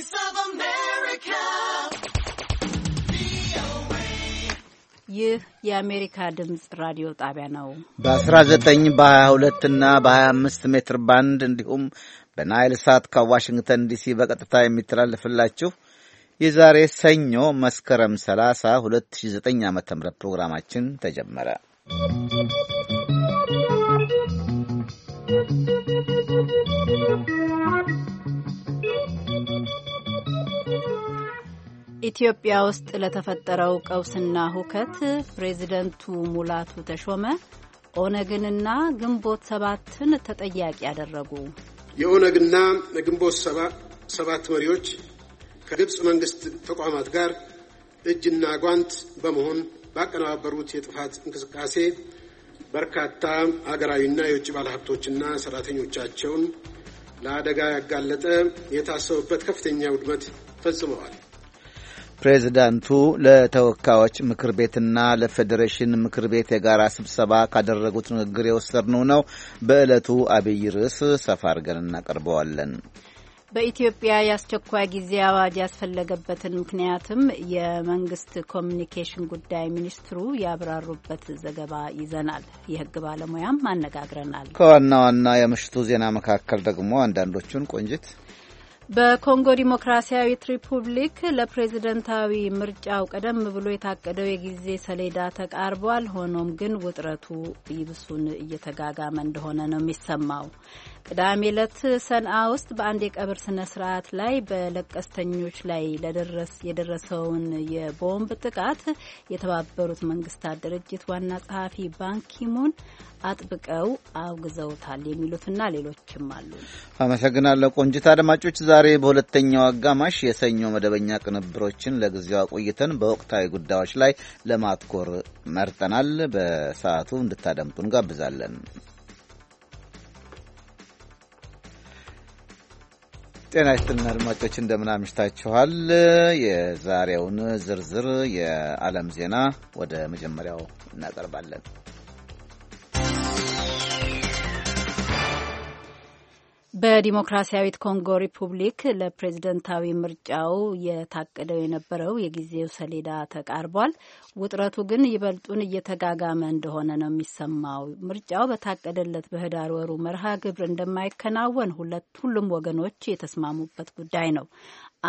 Voice of America. ይህ የአሜሪካ ድምፅ ራዲዮ ጣቢያ ነው። በ19 በ22 እና በ25 ሜትር ባንድ እንዲሁም በናይል ሳት ከዋሽንግተን ዲሲ በቀጥታ የሚተላለፍላችሁ የዛሬ ሰኞ መስከረም 30 2009 ዓ.ም ፕሮግራማችን ተጀመረ። ኢትዮጵያ ውስጥ ለተፈጠረው ቀውስና ሁከት ፕሬዚደንቱ ሙላቱ ተሾመ ኦነግንና ግንቦት ሰባትን ተጠያቂ ያደረጉ። የኦነግና የግንቦት ሰባት መሪዎች ከግብፅ መንግስት ተቋማት ጋር እጅና ጓንት በመሆን ባቀነባበሩት የጥፋት እንቅስቃሴ በርካታ አገራዊና የውጭ ባለሀብቶችና ሰራተኞቻቸውን ለአደጋ ያጋለጠ የታሰቡበት ከፍተኛ ውድመት ፈጽመዋል። ፕሬዚዳንቱ ለተወካዮች ምክር ቤትና ለፌዴሬሽን ምክር ቤት የጋራ ስብሰባ ካደረጉት ንግግር የወሰድነው ነው። በዕለቱ አብይ ርዕስ ሰፋ አድርገን እናቀርበዋለን። በኢትዮጵያ የአስቸኳይ ጊዜ አዋጅ ያስፈለገበትን ምክንያትም የመንግስት ኮሚኒኬሽን ጉዳይ ሚኒስትሩ ያብራሩበት ዘገባ ይዘናል። የህግ ባለሙያም አነጋግረናል። ከዋና ዋና የምሽቱ ዜና መካከል ደግሞ አንዳንዶቹን ቆንጅት በኮንጎ ዲሞክራሲያዊት ሪፑብሊክ ለፕሬዝደንታዊ ምርጫው ቀደም ብሎ የታቀደው የጊዜ ሰሌዳ ተቃርቧል። ሆኖም ግን ውጥረቱ ይብሱን እየተጋጋመ እንደሆነ ነው የሚሰማው። ቅዳሜ ዕለት ሰንአ ውስጥ በአንድ የቀብር ስነ ስርዓት ላይ በለቀስተኞች ላይ የደረሰውን የቦምብ ጥቃት የተባበሩት መንግስታት ድርጅት ዋና ጸሐፊ ባንኪሙን አጥብቀው አውግዘውታል። የሚሉትና ሌሎችም አሉ። አመሰግናለሁ ቆንጅት። አድማጮች ዛሬ በሁለተኛው አጋማሽ የሰኞ መደበኛ ቅንብሮችን ለጊዜው አቆይተን በወቅታዊ ጉዳዮች ላይ ለማትኮር መርጠናል። በሰዓቱ እንድታደምጡ እንጋብዛለን። ጤና ይስጥልን አድማጮች፣ እንደምን አምሽታችኋል። የዛሬውን ዝርዝር የዓለም ዜና ወደ መጀመሪያው እናቀርባለን። በዲሞክራሲያዊት ኮንጎ ሪፑብሊክ ለፕሬዝደንታዊ ምርጫው የታቀደው የነበረው የጊዜው ሰሌዳ ተቃርቧል። ውጥረቱ ግን ይበልጡን እየተጋጋመ እንደሆነ ነው የሚሰማው። ምርጫው በታቀደለት በህዳር ወሩ መርሃ ግብር እንደማይከናወን ሁለት ሁሉም ወገኖች የተስማሙበት ጉዳይ ነው።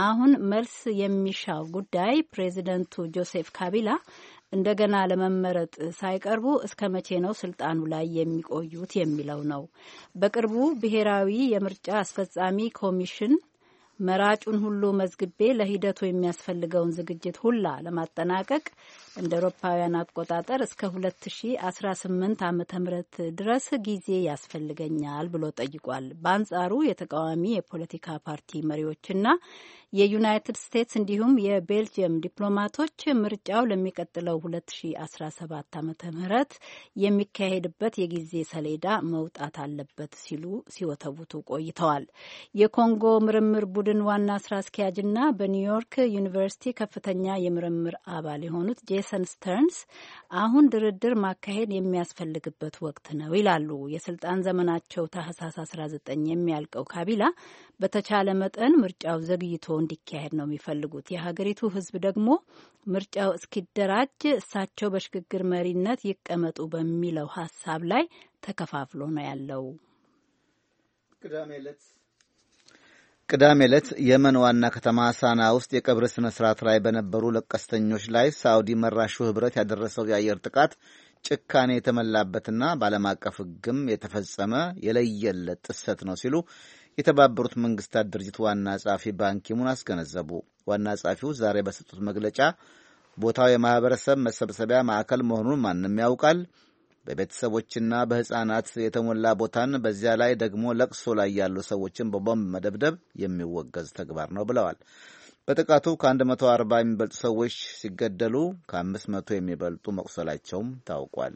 አሁን መልስ የሚሻው ጉዳይ ፕሬዚደንቱ ጆሴፍ ካቢላ እንደገና ለመመረጥ ሳይቀርቡ እስከ መቼ ነው ስልጣኑ ላይ የሚቆዩት የሚለው ነው። በቅርቡ ብሔራዊ የምርጫ አስፈጻሚ ኮሚሽን መራጩን ሁሉ መዝግቤ ለሂደቱ የሚያስፈልገውን ዝግጅት ሁላ ለማጠናቀቅ እንደ አውሮፓውያን አቆጣጠር እስከ 2018 ዓ ም ድረስ ጊዜ ያስፈልገኛል ብሎ ጠይቋል። በአንጻሩ የተቃዋሚ የፖለቲካ ፓርቲ መሪዎችና የዩናይትድ ስቴትስ እንዲሁም የቤልጅየም ዲፕሎማቶች ምርጫው ለሚቀጥለው 2017 ዓ ም የሚካሄድበት የጊዜ ሰሌዳ መውጣት አለበት ሲሉ ሲወተውቱ ቆይተዋል። የኮንጎ ምርምር ቡድን ዋና ስራ አስኪያጅና በኒውዮርክ ዩኒቨርሲቲ ከፍተኛ የምርምር አባል የሆኑት ጄሰን ስተርንስ አሁን ድርድር ማካሄድ የሚያስፈልግበት ወቅት ነው ይላሉ። የስልጣን ዘመናቸው ታህሳስ 19 የሚያልቀው ካቢላ በተቻለ መጠን ምርጫው ዘግይቶ እንዲካሄድ ነው የሚፈልጉት። የሀገሪቱ ሕዝብ ደግሞ ምርጫው እስኪደራጅ እሳቸው በሽግግር መሪነት ይቀመጡ በሚለው ሀሳብ ላይ ተከፋፍሎ ነው ያለው። ቅዳሜ ዕለት ቅዳሜ ዕለት የመን ዋና ከተማ ሳና ውስጥ የቀብር ሥነ ሥርዓት ላይ በነበሩ ለቀስተኞች ላይ ሳውዲ መራሹ ኅብረት ያደረሰው የአየር ጥቃት ጭካኔ የተመላበትና በዓለም አቀፍ ሕግም የተፈጸመ የለየለት ጥሰት ነው ሲሉ የተባበሩት መንግስታት ድርጅት ዋና ጸሐፊ ባንኪሙን አስገነዘቡ። ዋና ጸሐፊው ዛሬ በሰጡት መግለጫ ቦታው የማኅበረሰብ መሰብሰቢያ ማዕከል መሆኑን ማንም ያውቃል በቤተሰቦችና በሕፃናት የተሞላ ቦታን በዚያ ላይ ደግሞ ለቅሶ ላይ ያሉ ሰዎችን በቦምብ መደብደብ የሚወገዝ ተግባር ነው ብለዋል። በጥቃቱ ከ140 የሚበልጡ ሰዎች ሲገደሉ ከ500 የሚበልጡ መቁሰላቸውም ታውቋል።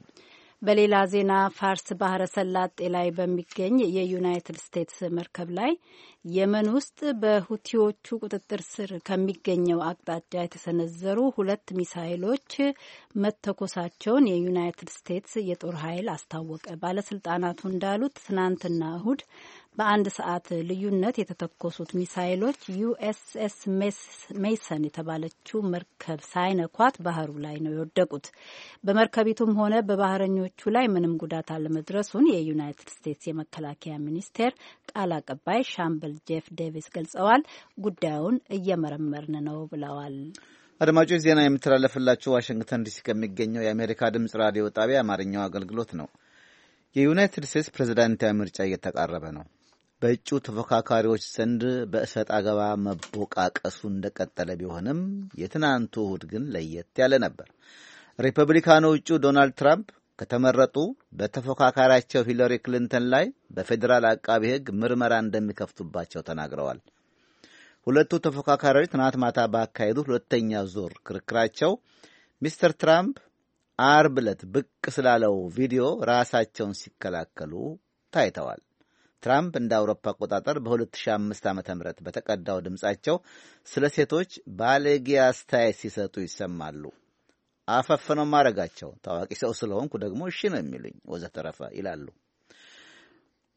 በሌላ ዜና ፋርስ ባህረ ሰላጤ ላይ በሚገኝ የዩናይትድ ስቴትስ መርከብ ላይ የመን ውስጥ በሁቲዎቹ ቁጥጥር ስር ከሚገኘው አቅጣጫ የተሰነዘሩ ሁለት ሚሳይሎች መተኮሳቸውን የዩናይትድ ስቴትስ የጦር ኃይል አስታወቀ። ባለስልጣናቱ እንዳሉት ትናንትና እሁድ በአንድ ሰዓት ልዩነት የተተኮሱት ሚሳይሎች ዩኤስኤስ ሜሰን የተባለችው መርከብ ሳይነኳት ባህሩ ላይ ነው የወደቁት። በመርከቢቱም ሆነ በባህረኞቹ ላይ ምንም ጉዳት አለመድረሱን የዩናይትድ ስቴትስ የመከላከያ ሚኒስቴር ቃል አቀባይ ሻምበል ጄፍ ዴቪስ ገልጸዋል። ጉዳዩን እየመረመርን ነው ብለዋል። አድማጮች፣ ዜና የምተላለፍላችሁ ዋሽንግተን ዲሲ ከሚገኘው የአሜሪካ ድምጽ ራዲዮ ጣቢያ አማርኛው አገልግሎት ነው። የዩናይትድ ስቴትስ ፕሬዚዳንታዊ ምርጫ እየተቃረበ ነው። በእጩ ተፎካካሪዎች ዘንድ በእሰጥ አገባ መቦቃቀሱ እንደቀጠለ ቢሆንም የትናንቱ እሁድ ግን ለየት ያለ ነበር። ሪፐብሊካኑ እጩ ዶናልድ ትራምፕ ከተመረጡ በተፎካካሪያቸው ሂለሪ ክሊንተን ላይ በፌዴራል አቃቢ ሕግ ምርመራ እንደሚከፍቱባቸው ተናግረዋል። ሁለቱ ተፎካካሪዎች ትናንት ማታ ባካሄዱ ሁለተኛ ዙር ክርክራቸው ሚስተር ትራምፕ አርብ ዕለት ብቅ ስላለው ቪዲዮ ራሳቸውን ሲከላከሉ ታይተዋል። ትራምፕ እንደ አውሮፓ አቆጣጠር በ2005 ዓ ም በተቀዳው ድምፃቸው ስለ ሴቶች ባለጌ አስተያየት ሲሰጡ ይሰማሉ። አፈፍነው ነው ማድረጋቸው። ታዋቂ ሰው ስለሆንኩ ደግሞ እሺ ነው የሚሉኝ ወዘተረፈ ይላሉ።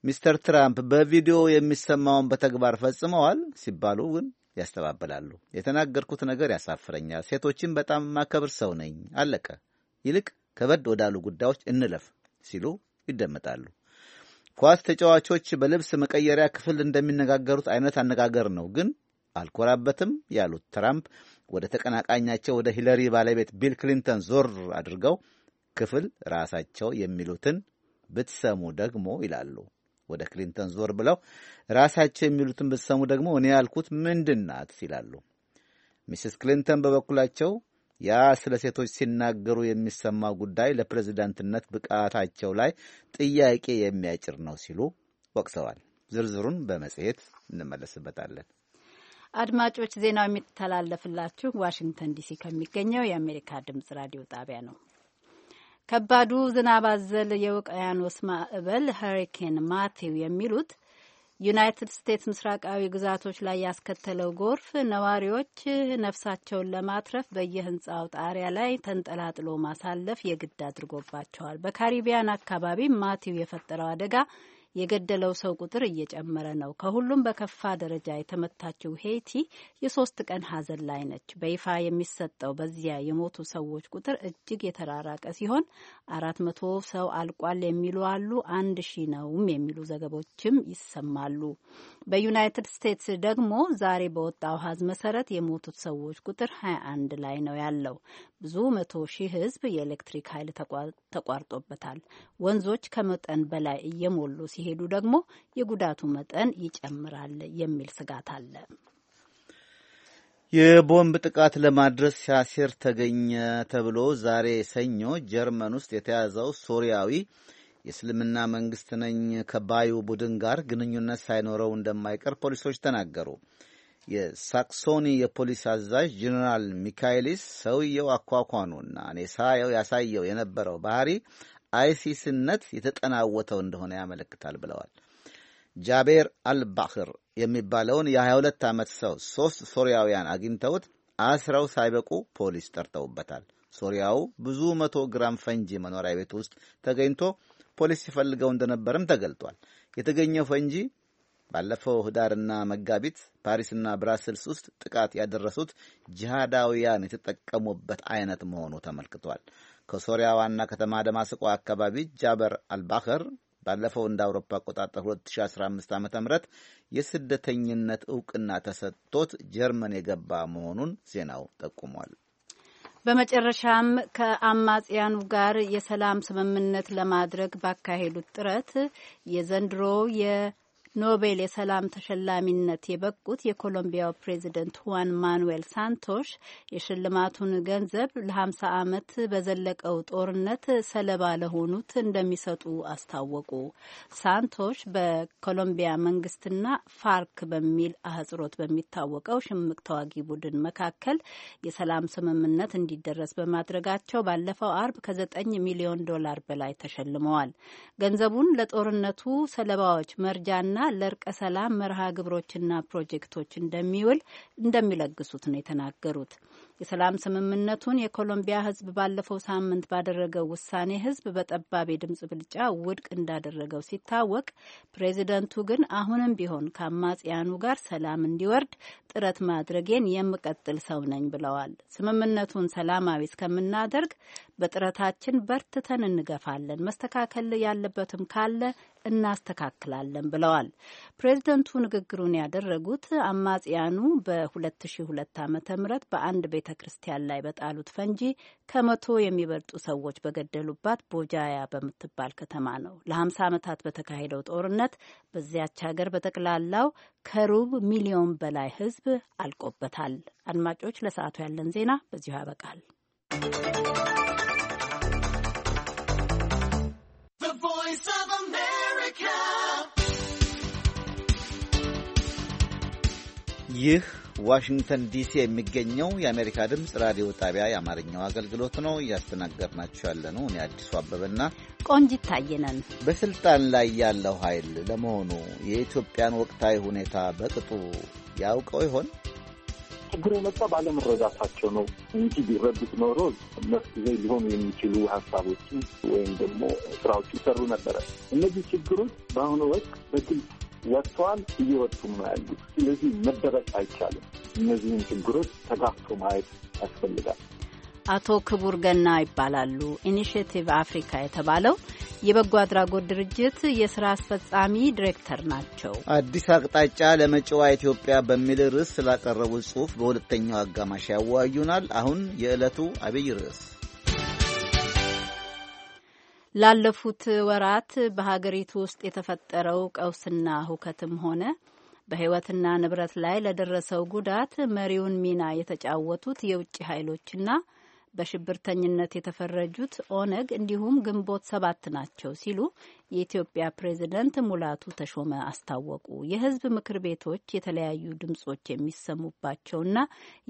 ሚስተር ትራምፕ በቪዲዮ የሚሰማውን በተግባር ፈጽመዋል ሲባሉ ግን ያስተባብላሉ። የተናገርኩት ነገር ያሳፍረኛል። ሴቶችን በጣም ማከብር ሰው ነኝ። አለቀ። ይልቅ ከበድ ወዳሉ ጉዳዮች እንለፍ ሲሉ ይደመጣሉ። ኳስ ተጫዋቾች በልብስ መቀየሪያ ክፍል እንደሚነጋገሩት አይነት አነጋገር ነው ግን አልኮራበትም ያሉት ትራምፕ ወደ ተቀናቃኛቸው ወደ ሂለሪ ባለቤት ቢል ክሊንተን ዞር አድርገው ክፍል ራሳቸው የሚሉትን ብትሰሙ ደግሞ ይላሉ። ወደ ክሊንተን ዞር ብለው ራሳቸው የሚሉትን ብትሰሙ ደግሞ እኔ ያልኩት ምንድን ናት ይላሉ። ሚስስ ክሊንተን በበኩላቸው ያ ስለ ሴቶች ሲናገሩ የሚሰማው ጉዳይ ለፕሬዚዳንትነት ብቃታቸው ላይ ጥያቄ የሚያጭር ነው ሲሉ ወቅሰዋል። ዝርዝሩን በመጽሔት እንመለስበታለን። አድማጮች፣ ዜናው የሚተላለፍላችሁ ዋሽንግተን ዲሲ ከሚገኘው የአሜሪካ ድምጽ ራዲዮ ጣቢያ ነው። ከባዱ ዝናብ አዘል የውቅያኖስ ማዕበል ሀሪኬን ማቴው የሚሉት ዩናይትድ ስቴትስ ምስራቃዊ ግዛቶች ላይ ያስከተለው ጎርፍ ነዋሪዎች ነፍሳቸውን ለማትረፍ በየህንፃው ጣሪያ ላይ ተንጠላጥሎ ማሳለፍ የግድ አድርጎባቸዋል። በካሪቢያን አካባቢ ማቲው የፈጠረው አደጋ የገደለው ሰው ቁጥር እየጨመረ ነው። ከሁሉም በከፋ ደረጃ የተመታችው ሄይቲ የሶስት ቀን ሀዘን ላይ ነች። በይፋ የሚሰጠው በዚያ የሞቱ ሰዎች ቁጥር እጅግ የተራራቀ ሲሆን አራት መቶ ሰው አልቋል የሚሉ አሉ፣ አንድ ሺ ነውም የሚሉ ዘገቦችም ይሰማሉ። በዩናይትድ ስቴትስ ደግሞ ዛሬ በወጣው ሀዝ መሰረት የሞቱት ሰዎች ቁጥር 21 ላይ ነው ያለው። ብዙ መቶ ሺህ ህዝብ የኤሌክትሪክ ኃይል ተቋርጦበታል። ወንዞች ከመጠን በላይ እየሞሉ ሲሄ ከሄዱ ደግሞ የጉዳቱ መጠን ይጨምራል የሚል ስጋት አለ። የቦምብ ጥቃት ለማድረስ ሲያሴር ተገኘ ተብሎ ዛሬ ሰኞ ጀርመን ውስጥ የተያዘው ሶሪያዊ የእስልምና መንግስት ነኝ ከባዩ ቡድን ጋር ግንኙነት ሳይኖረው እንደማይቀር ፖሊሶች ተናገሩ። የሳክሶኒ የፖሊስ አዛዥ ጀኔራል ሚካኤሊስ ሰውየው አኳኳኑና እኔ ሳየው ያሳየው የነበረው ባህሪ አይሲስነት የተጠናወተው እንደሆነ ያመለክታል ብለዋል። ጃቤር አልባክር የሚባለውን የ22 ዓመት ሰው ሦስት ሶሪያውያን አግኝተውት አስረው ሳይበቁ ፖሊስ ጠርተውበታል። ሶሪያው ብዙ መቶ ግራም ፈንጂ መኖሪያ ቤት ውስጥ ተገኝቶ ፖሊስ ሲፈልገው እንደነበርም ተገልጧል። የተገኘው ፈንጂ ባለፈው ህዳርና መጋቢት ፓሪስና ብራስልስ ውስጥ ጥቃት ያደረሱት ጂሃዳውያን የተጠቀሙበት አይነት መሆኑ ተመልክቷል። ከሶሪያ ዋና ከተማ ደማስቆ አካባቢ ጃበር አልባኸር ባለፈው እንደ አውሮፓ አቆጣጠር 2015 ዓ ም የስደተኝነት እውቅና ተሰጥቶት ጀርመን የገባ መሆኑን ዜናው ጠቁሟል። በመጨረሻም ከአማጽያኑ ጋር የሰላም ስምምነት ለማድረግ ባካሄዱት ጥረት የዘንድሮ ኖቤል የሰላም ተሸላሚነት የበቁት የኮሎምቢያው ፕሬዚደንት ሁዋን ማኑዌል ሳንቶሽ የሽልማቱን ገንዘብ ለ50 ዓመት በዘለቀው ጦርነት ሰለባ ለሆኑት እንደሚሰጡ አስታወቁ። ሳንቶሽ በኮሎምቢያ መንግስትና ፋርክ በሚል አህጽሮት በሚታወቀው ሽምቅ ተዋጊ ቡድን መካከል የሰላም ስምምነት እንዲደረስ በማድረጋቸው ባለፈው አርብ ከዘጠኝ ሚሊዮን ዶላር በላይ ተሸልመዋል። ገንዘቡን ለጦርነቱ ሰለባዎች መርጃና ለእርቀ ሰላም መርሃ ግብሮችና ፕሮጀክቶች እንደሚውል እንደሚለግሱት ነው የተናገሩት። የሰላም ስምምነቱን የኮሎምቢያ ሕዝብ ባለፈው ሳምንት ባደረገው ውሳኔ ሕዝብ በጠባብ የድምጽ ብልጫ ውድቅ እንዳደረገው ሲታወቅ፣ ፕሬዚደንቱ ግን አሁንም ቢሆን ከአማጽያኑ ጋር ሰላም እንዲወርድ ጥረት ማድረጌን የምቀጥል ሰው ነኝ ብለዋል። ስምምነቱን ሰላማዊ እስከምናደርግ በጥረታችን በርትተን እንገፋለን። መስተካከል ያለበትም ካለ እናስተካክላለን ብለዋል። ፕሬዝደንቱ ንግግሩን ያደረጉት አማጽያኑ በ2002 ዓ ም በአንድ ቤተ ክርስቲያን ላይ በጣሉት ፈንጂ ከመቶ የሚበልጡ ሰዎች በገደሉባት ቦጃያ በምትባል ከተማ ነው። ለ50 ዓመታት በተካሄደው ጦርነት በዚያች ሀገር በጠቅላላው ከሩብ ሚሊዮን በላይ ሕዝብ አልቆበታል። አድማጮች፣ ለሰዓቱ ያለን ዜና በዚሁ ያበቃል። ይህ ዋሽንግተን ዲሲ የሚገኘው የአሜሪካ ድምፅ ራዲዮ ጣቢያ የአማርኛው አገልግሎት ነው። እያስተናገድናችሁ ያለ ነው። እኔ አዲሱ አበበና ቆንጂት ታየ በስልጣን ላይ ያለው ኃይል ለመሆኑ የኢትዮጵያን ወቅታዊ ሁኔታ በቅጡ ያውቀው ይሆን? ችግሩ የመጣ ባለመረዳታቸው ነው እንጂ ቢረዱት ኖሮ መፍትሄ ሊሆኑ የሚችሉ ሀሳቦችን ወይም ደግሞ ስራዎች ይሰሩ ነበረ። እነዚህ ችግሮች በአሁኑ ወቅት በግልጽ ወጥቷል፣ እየወጡም ነው ያሉ። ስለዚህ መደበቅ አይቻልም። እነዚህን ችግሮች ተጋፍቶ ማየት ያስፈልጋል። አቶ ክቡር ገና ይባላሉ። ኢኒሽቲቭ አፍሪካ የተባለው የበጎ አድራጎት ድርጅት የስራ አስፈጻሚ ዲሬክተር ናቸው። አዲስ አቅጣጫ ለመጪዋ ኢትዮጵያ በሚል ርዕስ ስላቀረቡት ጽሑፍ በሁለተኛው አጋማሽ ያወያዩናል። አሁን የዕለቱ አብይ ርዕስ ላለፉት ወራት በሀገሪቱ ውስጥ የተፈጠረው ቀውስና ሁከትም ሆነ በሕይወትና ንብረት ላይ ለደረሰው ጉዳት መሪውን ሚና የተጫወቱት የውጭ ኃይሎችና በሽብርተኝነት የተፈረጁት ኦነግ እንዲሁም ግንቦት ሰባት ናቸው ሲሉ የኢትዮጵያ ፕሬዝደንት ሙላቱ ተሾመ አስታወቁ። የህዝብ ምክር ቤቶች የተለያዩ ድምጾች የሚሰሙባቸውና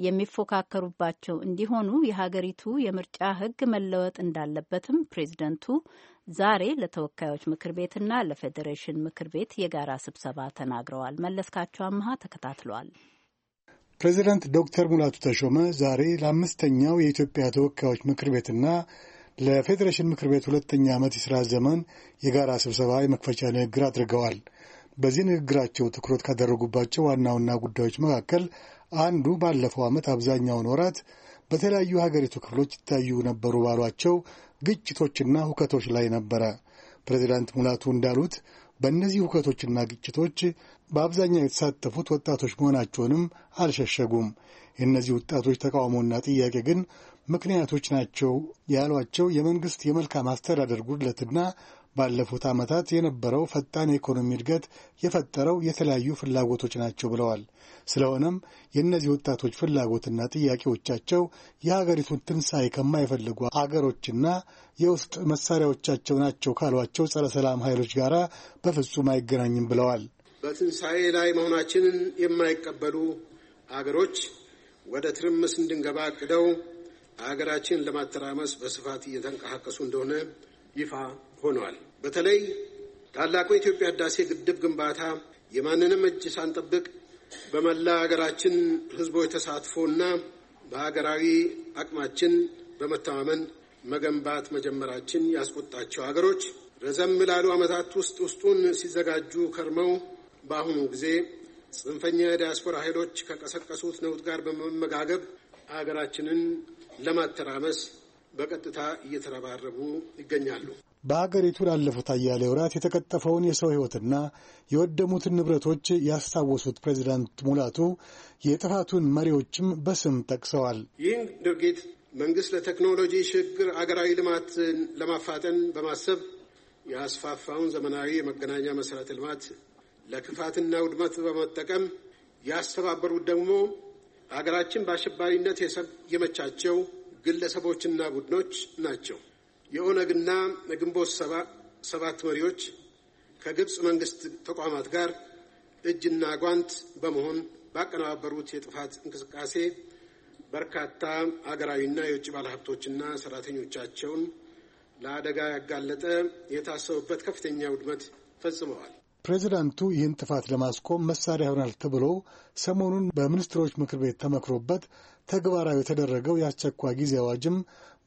የሚፎካከሩባቸው እንዲሆኑ የሀገሪቱ የምርጫ ህግ መለወጥ እንዳለበትም ፕሬዝደንቱ ዛሬ ለተወካዮች ምክር ቤትና ለፌዴሬሽን ምክር ቤት የጋራ ስብሰባ ተናግረዋል። መለስካቸው አመሀ ተከታትሏል። ፕሬዚዳንት ዶክተር ሙላቱ ተሾመ ዛሬ ለአምስተኛው የኢትዮጵያ ተወካዮች ምክር ቤትና ለፌዴሬሽን ምክር ቤት ሁለተኛ ዓመት የሥራ ዘመን የጋራ ስብሰባ የመክፈቻ ንግግር አድርገዋል። በዚህ ንግግራቸው ትኩረት ካደረጉባቸው ዋና ዋና ጉዳዮች መካከል አንዱ ባለፈው ዓመት አብዛኛውን ወራት በተለያዩ ሀገሪቱ ክፍሎች ይታዩ ነበሩ ባሏቸው ግጭቶችና ሁከቶች ላይ ነበረ። ፕሬዚዳንት ሙላቱ እንዳሉት በእነዚህ ሁከቶችና ግጭቶች በአብዛኛው የተሳተፉት ወጣቶች መሆናቸውንም አልሸሸጉም። የእነዚህ ወጣቶች ተቃውሞና ጥያቄ ግን ምክንያቶች ናቸው ያሏቸው የመንግሥት የመልካም አስተዳደር ጉድለትና ባለፉት ዓመታት የነበረው ፈጣን የኢኮኖሚ እድገት የፈጠረው የተለያዩ ፍላጎቶች ናቸው ብለዋል። ስለሆነም የእነዚህ ወጣቶች ፍላጎትና ጥያቄዎቻቸው የሀገሪቱን ትንሣኤ ከማይፈልጉ አገሮችና የውስጥ መሳሪያዎቻቸው ናቸው ካሏቸው ጸረ ሰላም ኃይሎች ጋር በፍጹም አይገናኝም ብለዋል። በትንሣኤ ላይ መሆናችንን የማይቀበሉ አገሮች ወደ ትርምስ እንድንገባ አቅደው አገራችን ለማተራመስ በስፋት እየተንቀሳቀሱ እንደሆነ ይፋ ሆነዋል። በተለይ ታላቁ የኢትዮጵያ ህዳሴ ግድብ ግንባታ የማንንም እጅ ሳንጠብቅ በመላ ሀገራችን ህዝቦች ተሳትፎና በሀገራዊ አቅማችን በመተማመን መገንባት መጀመራችን ያስቆጣቸው ሀገሮች ረዘም ላሉ ዓመታት ውስጥ ውስጡን ሲዘጋጁ ከርመው በአሁኑ ጊዜ ጽንፈኛ የዲያስፖራ ኃይሎች ከቀሰቀሱት ነውጥ ጋር በመመጋገብ ሀገራችንን ለማተራመስ በቀጥታ እየተረባረቡ ይገኛሉ። በአገሪቱ ላለፉት አያሌ ወራት የተቀጠፈውን የሰው ሕይወትና የወደሙትን ንብረቶች ያስታወሱት ፕሬዚዳንት ሙላቱ የጥፋቱን መሪዎችም በስም ጠቅሰዋል። ይህን ድርጊት መንግሥት ለቴክኖሎጂ ሽግግር አገራዊ ልማትን ለማፋጠን በማሰብ ያስፋፋውን ዘመናዊ የመገናኛ መሠረተ ልማት ለክፋትና ውድመት በመጠቀም ያስተባበሩት ደግሞ አገራችን በአሸባሪነት የመቻቸው ግለሰቦችና ቡድኖች ናቸው። የኦነግና የግንቦት ሰባት መሪዎች ከግብፅ መንግስት ተቋማት ጋር እጅና ጓንት በመሆን ባቀነባበሩት የጥፋት እንቅስቃሴ በርካታ አገራዊና የውጭ ባለሀብቶችና ሰራተኞቻቸውን ለአደጋ ያጋለጠ የታሰቡበት ከፍተኛ ውድመት ፈጽመዋል። ፕሬዚዳንቱ ይህን ጥፋት ለማስቆም መሳሪያ ይሆናል ተብሎ ሰሞኑን በሚኒስትሮች ምክር ቤት ተመክሮበት ተግባራዊ የተደረገው የአስቸኳይ ጊዜ አዋጅም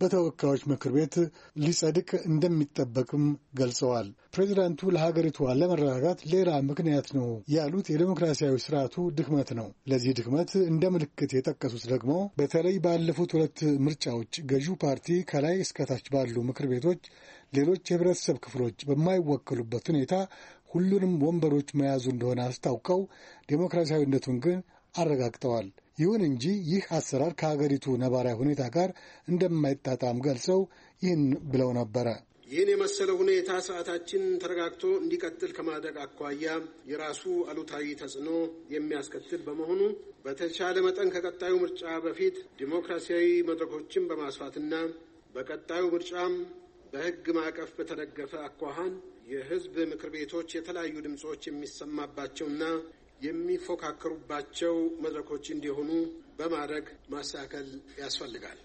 በተወካዮች ምክር ቤት ሊጸድቅ እንደሚጠበቅም ገልጸዋል። ፕሬዚዳንቱ ለሀገሪቱ አለመረጋጋት ሌላ ምክንያት ነው ያሉት የዴሞክራሲያዊ ስርዓቱ ድክመት ነው። ለዚህ ድክመት እንደ ምልክት የጠቀሱት ደግሞ በተለይ ባለፉት ሁለት ምርጫዎች ገዢው ፓርቲ ከላይ እስከታች ባሉ ምክር ቤቶች ሌሎች የህብረተሰብ ክፍሎች በማይወከሉበት ሁኔታ ሁሉንም ወንበሮች መያዙ እንደሆነ አስታውቀው ዴሞክራሲያዊነቱን ግን አረጋግጠዋል። ይሁን እንጂ ይህ አሰራር ከሀገሪቱ ነባራዊ ሁኔታ ጋር እንደማይጣጣም ገልጸው ይህን ብለው ነበረ። ይህን የመሰለ ሁኔታ ስርዓታችን ተረጋግቶ እንዲቀጥል ከማድረግ አኳያ የራሱ አሉታዊ ተጽዕኖ የሚያስከትል በመሆኑ በተቻለ መጠን ከቀጣዩ ምርጫ በፊት ዲሞክራሲያዊ መድረኮችን በማስፋትና በቀጣዩ ምርጫም በሕግ ማዕቀፍ በተደገፈ አኳኋን የሕዝብ ምክር ቤቶች የተለያዩ ድምፆች የሚሰማባቸውና የሚፎካከሩባቸው መድረኮች እንዲሆኑ በማድረግ ማስተካከል ያስፈልጋል።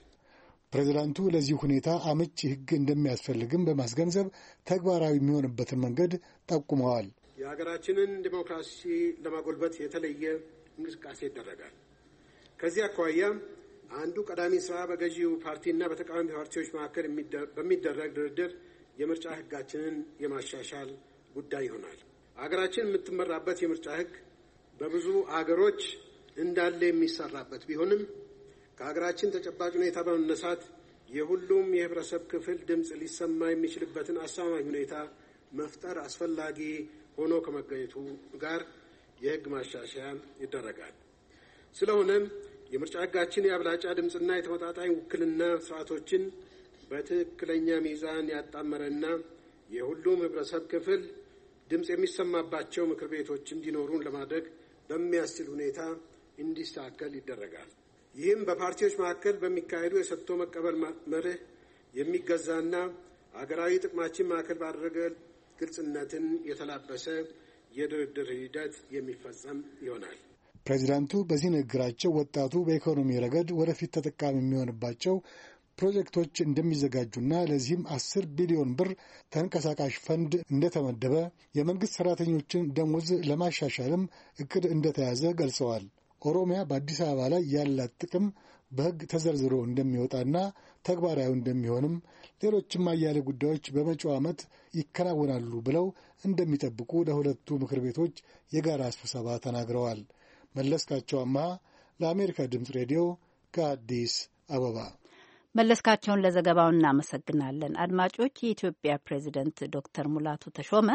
ፕሬዚዳንቱ ለዚህ ሁኔታ አመቺ ሕግ እንደሚያስፈልግም በማስገንዘብ ተግባራዊ የሚሆንበትን መንገድ ጠቁመዋል። የሀገራችንን ዲሞክራሲ ለማጎልበት የተለየ እንቅስቃሴ ይደረጋል። ከዚህ አኳያ አንዱ ቀዳሚ ስራ በገዢው ፓርቲና በተቃዋሚ ፓርቲዎች መካከል በሚደረግ ድርድር የምርጫ ሕጋችንን የማሻሻል ጉዳይ ይሆናል። ሀገራችን የምትመራበት የምርጫ ሕግ በብዙ አገሮች እንዳለ የሚሰራበት ቢሆንም ከሀገራችን ተጨባጭ ሁኔታ በመነሳት የሁሉም የህብረተሰብ ክፍል ድምፅ ሊሰማ የሚችልበትን አሳማኝ ሁኔታ መፍጠር አስፈላጊ ሆኖ ከመገኘቱ ጋር የህግ ማሻሻያ ይደረጋል። ስለሆነም የምርጫ ህጋችን የአብላጫ ድምፅና የተመጣጣኝ ውክልና ስርዓቶችን በትክክለኛ ሚዛን ያጣመረና የሁሉም ህብረተሰብ ክፍል ድምፅ የሚሰማባቸው ምክር ቤቶች እንዲኖሩን ለማድረግ በሚያስችል ሁኔታ እንዲስተካከል ይደረጋል። ይህም በፓርቲዎች መካከል በሚካሄዱ የሰጥቶ መቀበል መርህ የሚገዛና አገራዊ ጥቅማችን ማዕከል ባደረገ ግልጽነትን የተላበሰ የድርድር ሂደት የሚፈጸም ይሆናል። ፕሬዚዳንቱ በዚህ ንግግራቸው ወጣቱ በኢኮኖሚ ረገድ ወደፊት ተጠቃሚ የሚሆንባቸው ፕሮጀክቶች እንደሚዘጋጁና ለዚህም አስር ቢሊዮን ብር ተንቀሳቃሽ ፈንድ እንደተመደበ የመንግሥት ሠራተኞችን ደሞዝ ለማሻሻልም እቅድ እንደተያዘ ገልጸዋል። ኦሮሚያ በአዲስ አበባ ላይ ያላት ጥቅም በሕግ ተዘርዝሮ እንደሚወጣና ተግባራዊ እንደሚሆንም ሌሎችም አያሌ ጉዳዮች በመጪው ዓመት ይከናወናሉ ብለው እንደሚጠብቁ ለሁለቱ ምክር ቤቶች የጋራ ስብሰባ ተናግረዋል። መለስካቸው አማ ለአሜሪካ ድምፅ ሬዲዮ ከአዲስ አበባ መለስካቸውን ለዘገባው እናመሰግናለን። አድማጮች፣ የኢትዮጵያ ፕሬዚደንት ዶክተር ሙላቱ ተሾመ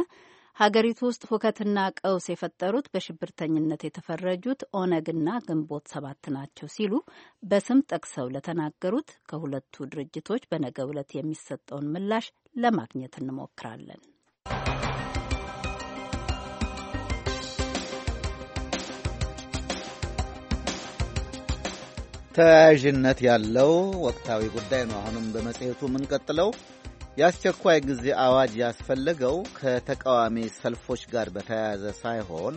ሀገሪቱ ውስጥ ሁከትና ቀውስ የፈጠሩት በሽብርተኝነት የተፈረጁት ኦነግና ግንቦት ሰባት ናቸው ሲሉ በስም ጠቅሰው ለተናገሩት ከሁለቱ ድርጅቶች በነገ ዕለት የሚሰጠውን ምላሽ ለማግኘት እንሞክራለን። ተያያዥነት ያለው ወቅታዊ ጉዳይ ነው። አሁንም በመጽሔቱ የምንቀጥለው የአስቸኳይ ጊዜ አዋጅ ያስፈለገው ከተቃዋሚ ሰልፎች ጋር በተያያዘ ሳይሆን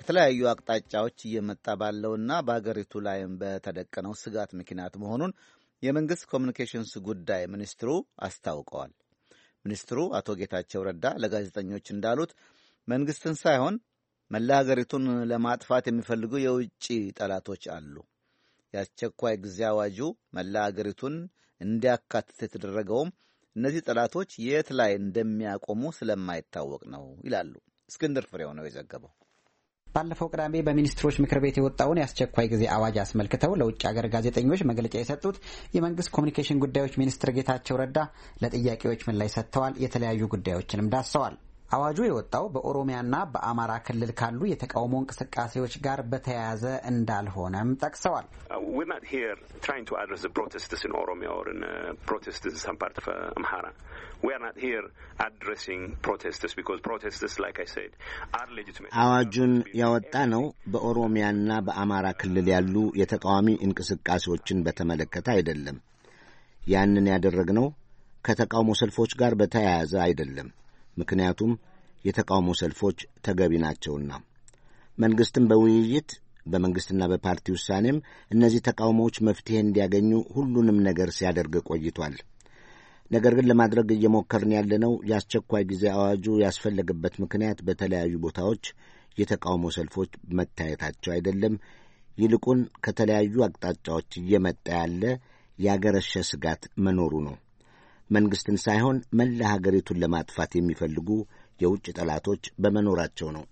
ከተለያዩ አቅጣጫዎች እየመጣ ባለውና በአገሪቱ ላይም በተደቀነው ስጋት ምክንያት መሆኑን የመንግሥት ኮሚኒኬሽንስ ጉዳይ ሚኒስትሩ አስታውቀዋል። ሚኒስትሩ አቶ ጌታቸው ረዳ ለጋዜጠኞች እንዳሉት መንግሥትን ሳይሆን መላ አገሪቱን ለማጥፋት የሚፈልጉ የውጭ ጠላቶች አሉ። የአስቸኳይ ጊዜ አዋጁ መላ አገሪቱን እንዲያካትት የተደረገውም እነዚህ ጠላቶች የት ላይ እንደሚያቆሙ ስለማይታወቅ ነው ይላሉ። እስክንድር ፍሬው ነው የዘገበው። ባለፈው ቅዳሜ በሚኒስትሮች ምክር ቤት የወጣውን የአስቸኳይ ጊዜ አዋጅ አስመልክተው ለውጭ ሀገር ጋዜጠኞች መግለጫ የሰጡት የመንግስት ኮሚኒኬሽን ጉዳዮች ሚኒስትር ጌታቸው ረዳ ለጥያቄዎች ምላሽ ሰጥተዋል። የተለያዩ ጉዳዮችንም ዳሰዋል። አዋጁ የወጣው በኦሮሚያና በአማራ ክልል ካሉ የተቃውሞ እንቅስቃሴዎች ጋር በተያያዘ እንዳልሆነም ጠቅሰዋል። አዋጁን uh, ያወጣ ነው በኦሮሚያና በአማራ ክልል ያሉ የተቃዋሚ እንቅስቃሴዎችን በተመለከተ አይደለም። ያንን ያደረግነው ከተቃውሞ ሰልፎች ጋር በተያያዘ አይደለም። ምክንያቱም የተቃውሞ ሰልፎች ተገቢ ናቸውና መንግሥትም በውይይት በመንግሥትና በፓርቲ ውሳኔም እነዚህ ተቃውሞዎች መፍትሔ እንዲያገኙ ሁሉንም ነገር ሲያደርግ ቆይቷል። ነገር ግን ለማድረግ እየሞከርን ያለነው የአስቸኳይ ጊዜ አዋጁ ያስፈለገበት ምክንያት በተለያዩ ቦታዎች የተቃውሞ ሰልፎች መታየታቸው አይደለም፣ ይልቁን ከተለያዩ አቅጣጫዎች እየመጣ ያለ ያገረሸ ስጋት መኖሩ ነው። መንግሥትን ሳይሆን መላ ሀገሪቱን ለማጥፋት የሚፈልጉ የውጭ ጠላቶች በመኖራቸው ነው።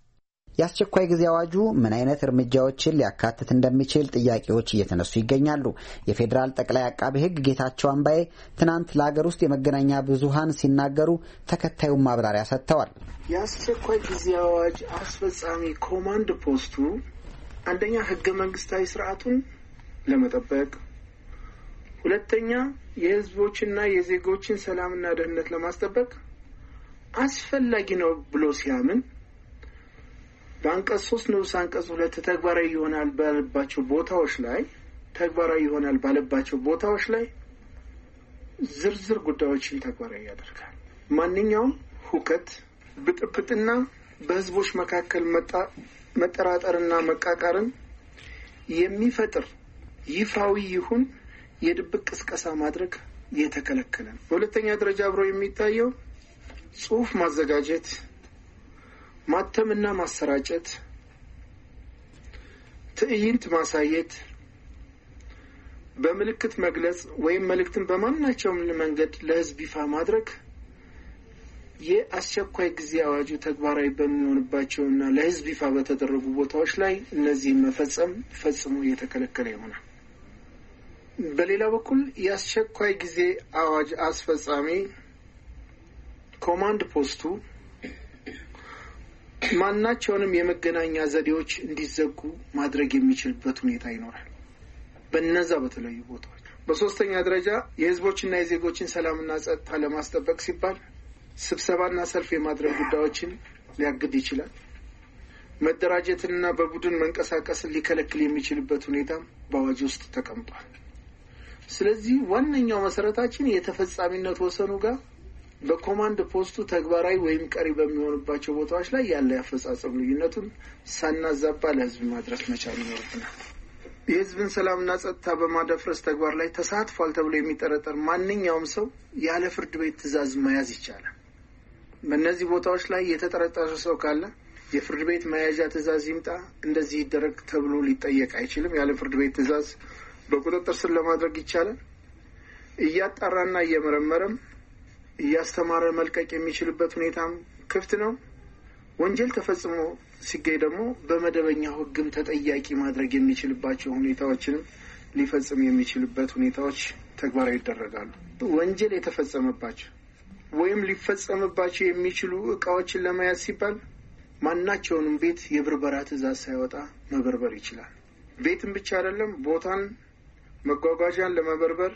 የአስቸኳይ ጊዜ አዋጁ ምን አይነት እርምጃዎችን ሊያካትት እንደሚችል ጥያቄዎች እየተነሱ ይገኛሉ። የፌዴራል ጠቅላይ አቃቤ ሕግ ጌታቸው አምባዬ ትናንት ለሀገር ውስጥ የመገናኛ ብዙሃን ሲናገሩ ተከታዩን ማብራሪያ ሰጥተዋል። የአስቸኳይ ጊዜ አዋጅ አስፈጻሚ ኮማንድ ፖስቱ አንደኛ ሕገ መንግስታዊ ስርዓቱን ለመጠበቅ ሁለተኛ የህዝቦችና የዜጎችን ሰላምና ደህንነት ለማስጠበቅ አስፈላጊ ነው ብሎ ሲያምን በአንቀጽ ሶስት ንዑስ አንቀጽ ሁለት ተግባራዊ ይሆናል ባለባቸው ቦታዎች ላይ ተግባራዊ ይሆናል ባለባቸው ቦታዎች ላይ ዝርዝር ጉዳዮችን ተግባራዊ ያደርጋል። ማንኛውም ሁከት፣ ብጥብጥና በህዝቦች መካከል መጠራጠርና መቃቃርን የሚፈጥር ይፋዊ ይሁን የድብቅ ቅስቀሳ ማድረግ የተከለከለ ነው። በሁለተኛ ደረጃ አብሮ የሚታየው ጽሁፍ ማዘጋጀት፣ ማተምና ማሰራጨት፣ ትዕይንት ማሳየት፣ በምልክት መግለጽ ወይም መልእክትን በማናቸውም መንገድ ለህዝብ ይፋ ማድረግ የአስቸኳይ ጊዜ አዋጁ ተግባራዊ በሚሆንባቸውና ለህዝብ ይፋ በተደረጉ ቦታዎች ላይ እነዚህን መፈጸም ፈጽሞ እየተከለከለ ይሆናል። በሌላ በኩል የአስቸኳይ ጊዜ አዋጅ አስፈጻሚ ኮማንድ ፖስቱ ማናቸውንም የመገናኛ ዘዴዎች እንዲዘጉ ማድረግ የሚችልበት ሁኔታ ይኖራል። በነዛ በተለያዩ ቦታዎች። በሶስተኛ ደረጃ የህዝቦችና የዜጎችን ሰላምና ጸጥታ ለማስጠበቅ ሲባል ስብሰባና ሰልፍ የማድረግ ጉዳዮችን ሊያግድ ይችላል። መደራጀትንና በቡድን መንቀሳቀስን ሊከለክል የሚችልበት ሁኔታም በአዋጅ ውስጥ ተቀምጧል። ስለዚህ ዋነኛው መሰረታችን የተፈጻሚነት ወሰኑ ጋር በኮማንድ ፖስቱ ተግባራዊ ወይም ቀሪ በሚሆንባቸው ቦታዎች ላይ ያለ ያፈጻጸም ልዩነቱን ሳናዛባ ለህዝብ ማድረስ መቻል ይኖርብናል። የህዝብን ሰላምና ጸጥታ በማደፍረስ ተግባር ላይ ተሳትፏል ተብሎ የሚጠረጠር ማንኛውም ሰው ያለ ፍርድ ቤት ትዕዛዝ መያዝ ይቻላል። በእነዚህ ቦታዎች ላይ የተጠረጠረ ሰው ካለ የፍርድ ቤት መያዣ ትዕዛዝ ይምጣ፣ እንደዚህ ይደረግ ተብሎ ሊጠየቅ አይችልም። ያለ ፍርድ ቤት ትዕዛዝ በቁጥጥር ስር ለማድረግ ይቻላል። እያጣራና እየመረመረም እያስተማረ መልቀቅ የሚችልበት ሁኔታም ክፍት ነው። ወንጀል ተፈጽሞ ሲገኝ ደግሞ በመደበኛው ሕግም ተጠያቂ ማድረግ የሚችልባቸው ሁኔታዎችንም ሊፈጽም የሚችልበት ሁኔታዎች ተግባራዊ ይደረጋሉ። ወንጀል የተፈጸመባቸው ወይም ሊፈጸምባቸው የሚችሉ እቃዎችን ለመያዝ ሲባል ማናቸውንም ቤት የብርበራ ትእዛዝ ሳይወጣ መበርበር ይችላል። ቤትም ብቻ አይደለም ቦታን መጓጓዣን ለመበርበር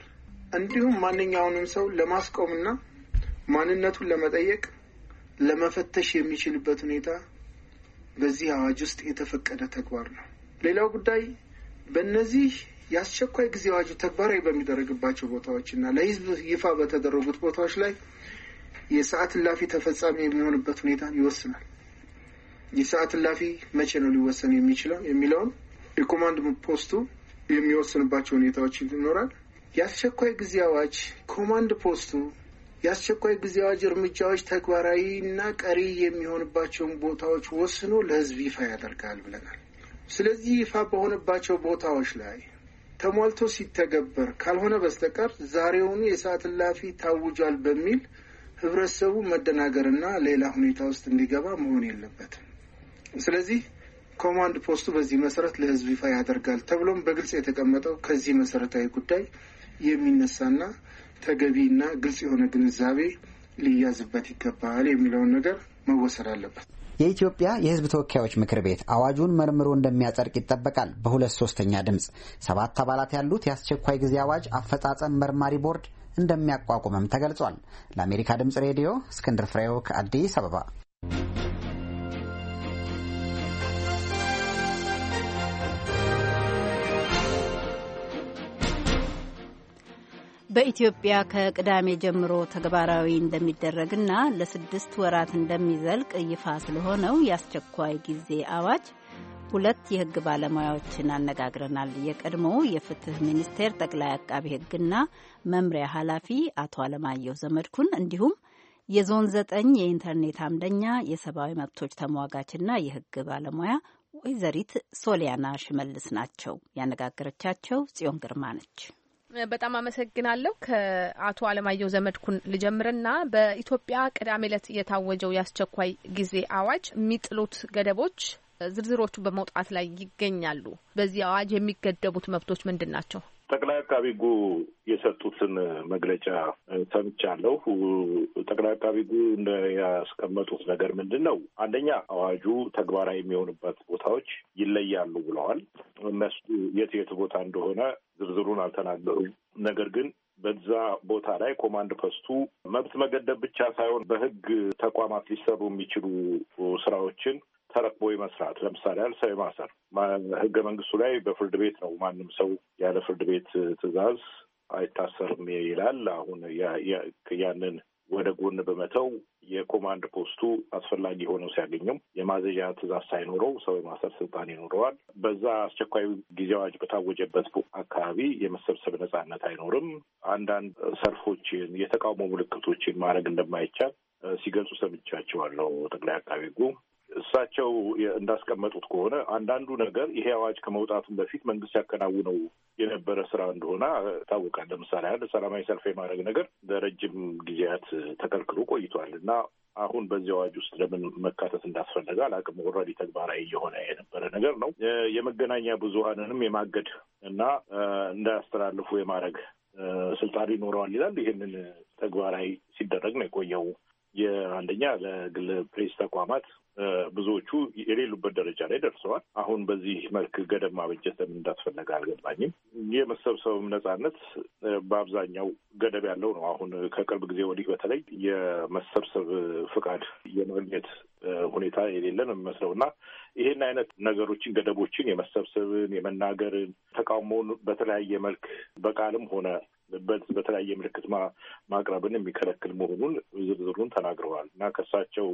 እንዲሁም ማንኛውንም ሰው ለማስቆምና ማንነቱን ለመጠየቅ ለመፈተሽ የሚችልበት ሁኔታ በዚህ አዋጅ ውስጥ የተፈቀደ ተግባር ነው። ሌላው ጉዳይ በእነዚህ የአስቸኳይ ጊዜ አዋጁ ተግባራዊ በሚደረግባቸው ቦታዎችና ለሕዝብ ይፋ በተደረጉት ቦታዎች ላይ የሰዓት እላፊ ተፈጻሚ የሚሆንበት ሁኔታ ይወስናል። የሰዓት እላፊ መቼ ነው ሊወሰን የሚችለው የሚለውን የኮማንድ ፖስቱ የሚወስንባቸው ሁኔታዎች ይኖራል። የአስቸኳይ ጊዜ አዋጅ ኮማንድ ፖስቱ የአስቸኳይ ጊዜ አዋጅ እርምጃዎች ተግባራዊና ቀሪ የሚሆንባቸውን ቦታዎች ወስኖ ለሕዝብ ይፋ ያደርጋል ብለናል። ስለዚህ ይፋ በሆነባቸው ቦታዎች ላይ ተሟልቶ ሲተገበር ካልሆነ በስተቀር ዛሬውኑ የሰዓት እላፊ ታውጇል በሚል ህብረተሰቡ መደናገርና ሌላ ሁኔታ ውስጥ እንዲገባ መሆን የለበትም። ስለዚህ ኮማንድ ፖስቱ በዚህ መሰረት ለህዝብ ይፋ ያደርጋል ተብሎም በግልጽ የተቀመጠው ከዚህ መሰረታዊ ጉዳይ የሚነሳና ተገቢና ግልጽ የሆነ ግንዛቤ ሊያዝበት ይገባል የሚለውን ነገር መወሰድ አለበት። የኢትዮጵያ የህዝብ ተወካዮች ምክር ቤት አዋጁን መርምሮ እንደሚያጸድቅ ይጠበቃል። በሁለት ሶስተኛ ድምፅ ሰባት አባላት ያሉት የአስቸኳይ ጊዜ አዋጅ አፈጻጸም መርማሪ ቦርድ እንደሚያቋቁምም ተገልጿል። ለአሜሪካ ድምፅ ሬዲዮ እስክንድር ፍሬው ከአዲስ አበባ በኢትዮጵያ ከቅዳሜ ጀምሮ ተግባራዊ እንደሚደረግና ለስድስት ወራት እንደሚዘልቅ ይፋ ስለሆነው የአስቸኳይ ጊዜ አዋጅ ሁለት የሕግ ባለሙያዎችን አነጋግረናል። የቀድሞ የፍትህ ሚኒስቴር ጠቅላይ አቃቢ ሕግና መምሪያ ኃላፊ አቶ አለማየሁ ዘመድኩን እንዲሁም የዞን ዘጠኝ የኢንተርኔት አምደኛ የሰብአዊ መብቶች ተሟጋችና የሕግ ባለሙያ ወይዘሪት ሶሊያና ሽመልስ ናቸው። ያነጋገረቻቸው ጽዮን ግርማ ነች። በጣም አመሰግናለሁ። ከአቶ አለማየሁ ዘመድኩን ልጀምርና በኢትዮጵያ ቅዳሜ ዕለት የታወጀው የአስቸኳይ ጊዜ አዋጅ የሚጥሉት ገደቦች ዝርዝሮቹ በመውጣት ላይ ይገኛሉ። በዚህ አዋጅ የሚገደቡት መብቶች ምንድን ናቸው? ጠቅላይ አቃቢ ሕጉ የሰጡትን መግለጫ ሰምቻለሁ። ጠቅላይ አቃቢ ሕጉ ያስቀመጡት ነገር ምንድን ነው? አንደኛ አዋጁ ተግባራዊ የሚሆንበት ቦታዎች ይለያሉ ብለዋል። እነሱ የት የት ቦታ እንደሆነ ዝርዝሩን አልተናገሩም። ነገር ግን በዛ ቦታ ላይ ኮማንድ ፖስቱ መብት መገደብ ብቻ ሳይሆን በህግ ተቋማት ሊሰሩ የሚችሉ ስራዎችን ተረክቦ የመስራት ለምሳሌ ያህል ሰው የማሰር ህገ መንግስቱ ላይ በፍርድ ቤት ነው ማንም ሰው ያለ ፍርድ ቤት ትዕዛዝ አይታሰርም ይላል። አሁን ያንን ወደ ጎን በመተው የኮማንድ ፖስቱ አስፈላጊ ሆነው ሲያገኘው የማዘዣ ትእዛዝ ሳይኖረው ሰው የማሰር ስልጣን ይኖረዋል። በዛ አስቸኳይ ጊዜ አዋጅ በታወጀበት አካባቢ የመሰብሰብ ነጻነት አይኖርም። አንዳንድ ሰልፎችን፣ የተቃውሞ ምልክቶችን ማድረግ እንደማይቻል ሲገልጹ ሰምቻቸዋለሁ ጠቅላይ አቃቤ ሕጉ እሳቸው እንዳስቀመጡት ከሆነ አንዳንዱ ነገር ይሄ አዋጅ ከመውጣቱም በፊት መንግስት ያከናውነው የነበረ ስራ እንደሆነ ታወቃል። ለምሳሌ አንድ ሰላማዊ ሰልፍ የማድረግ ነገር ለረጅም ጊዜያት ተከልክሎ ቆይቷል እና አሁን በዚህ አዋጅ ውስጥ ለምን መካተት እንዳስፈለገ አላቅም። ኦልሬዲ ተግባራዊ የሆነ የነበረ ነገር ነው። የመገናኛ ብዙሀንንም የማገድ እና እንዳያስተላልፉ የማድረግ ስልጣን ይኖረዋል ይላል። ይህንን ተግባራዊ ሲደረግ ነው የቆየው የአንደኛ ለግል ፕሬስ ተቋማት ብዙዎቹ የሌሉበት ደረጃ ላይ ደርሰዋል። አሁን በዚህ መልክ ገደብ ማበጀት ለምን እንዳስፈለገ አልገባኝም። የመሰብሰብም ነጻነት በአብዛኛው ገደብ ያለው ነው። አሁን ከቅርብ ጊዜ ወዲህ በተለይ የመሰብሰብ ፍቃድ የማግኘት ሁኔታ የሌለ ነው የሚመስለው እና ይህን አይነት ነገሮችን ገደቦችን፣ የመሰብሰብን፣ የመናገርን፣ ተቃውሞውን በተለያየ መልክ በቃልም ሆነ በተለያየ ምልክት ማቅረብን የሚከለክል መሆኑን ዝርዝሩን ተናግረዋል እና ከእሳቸው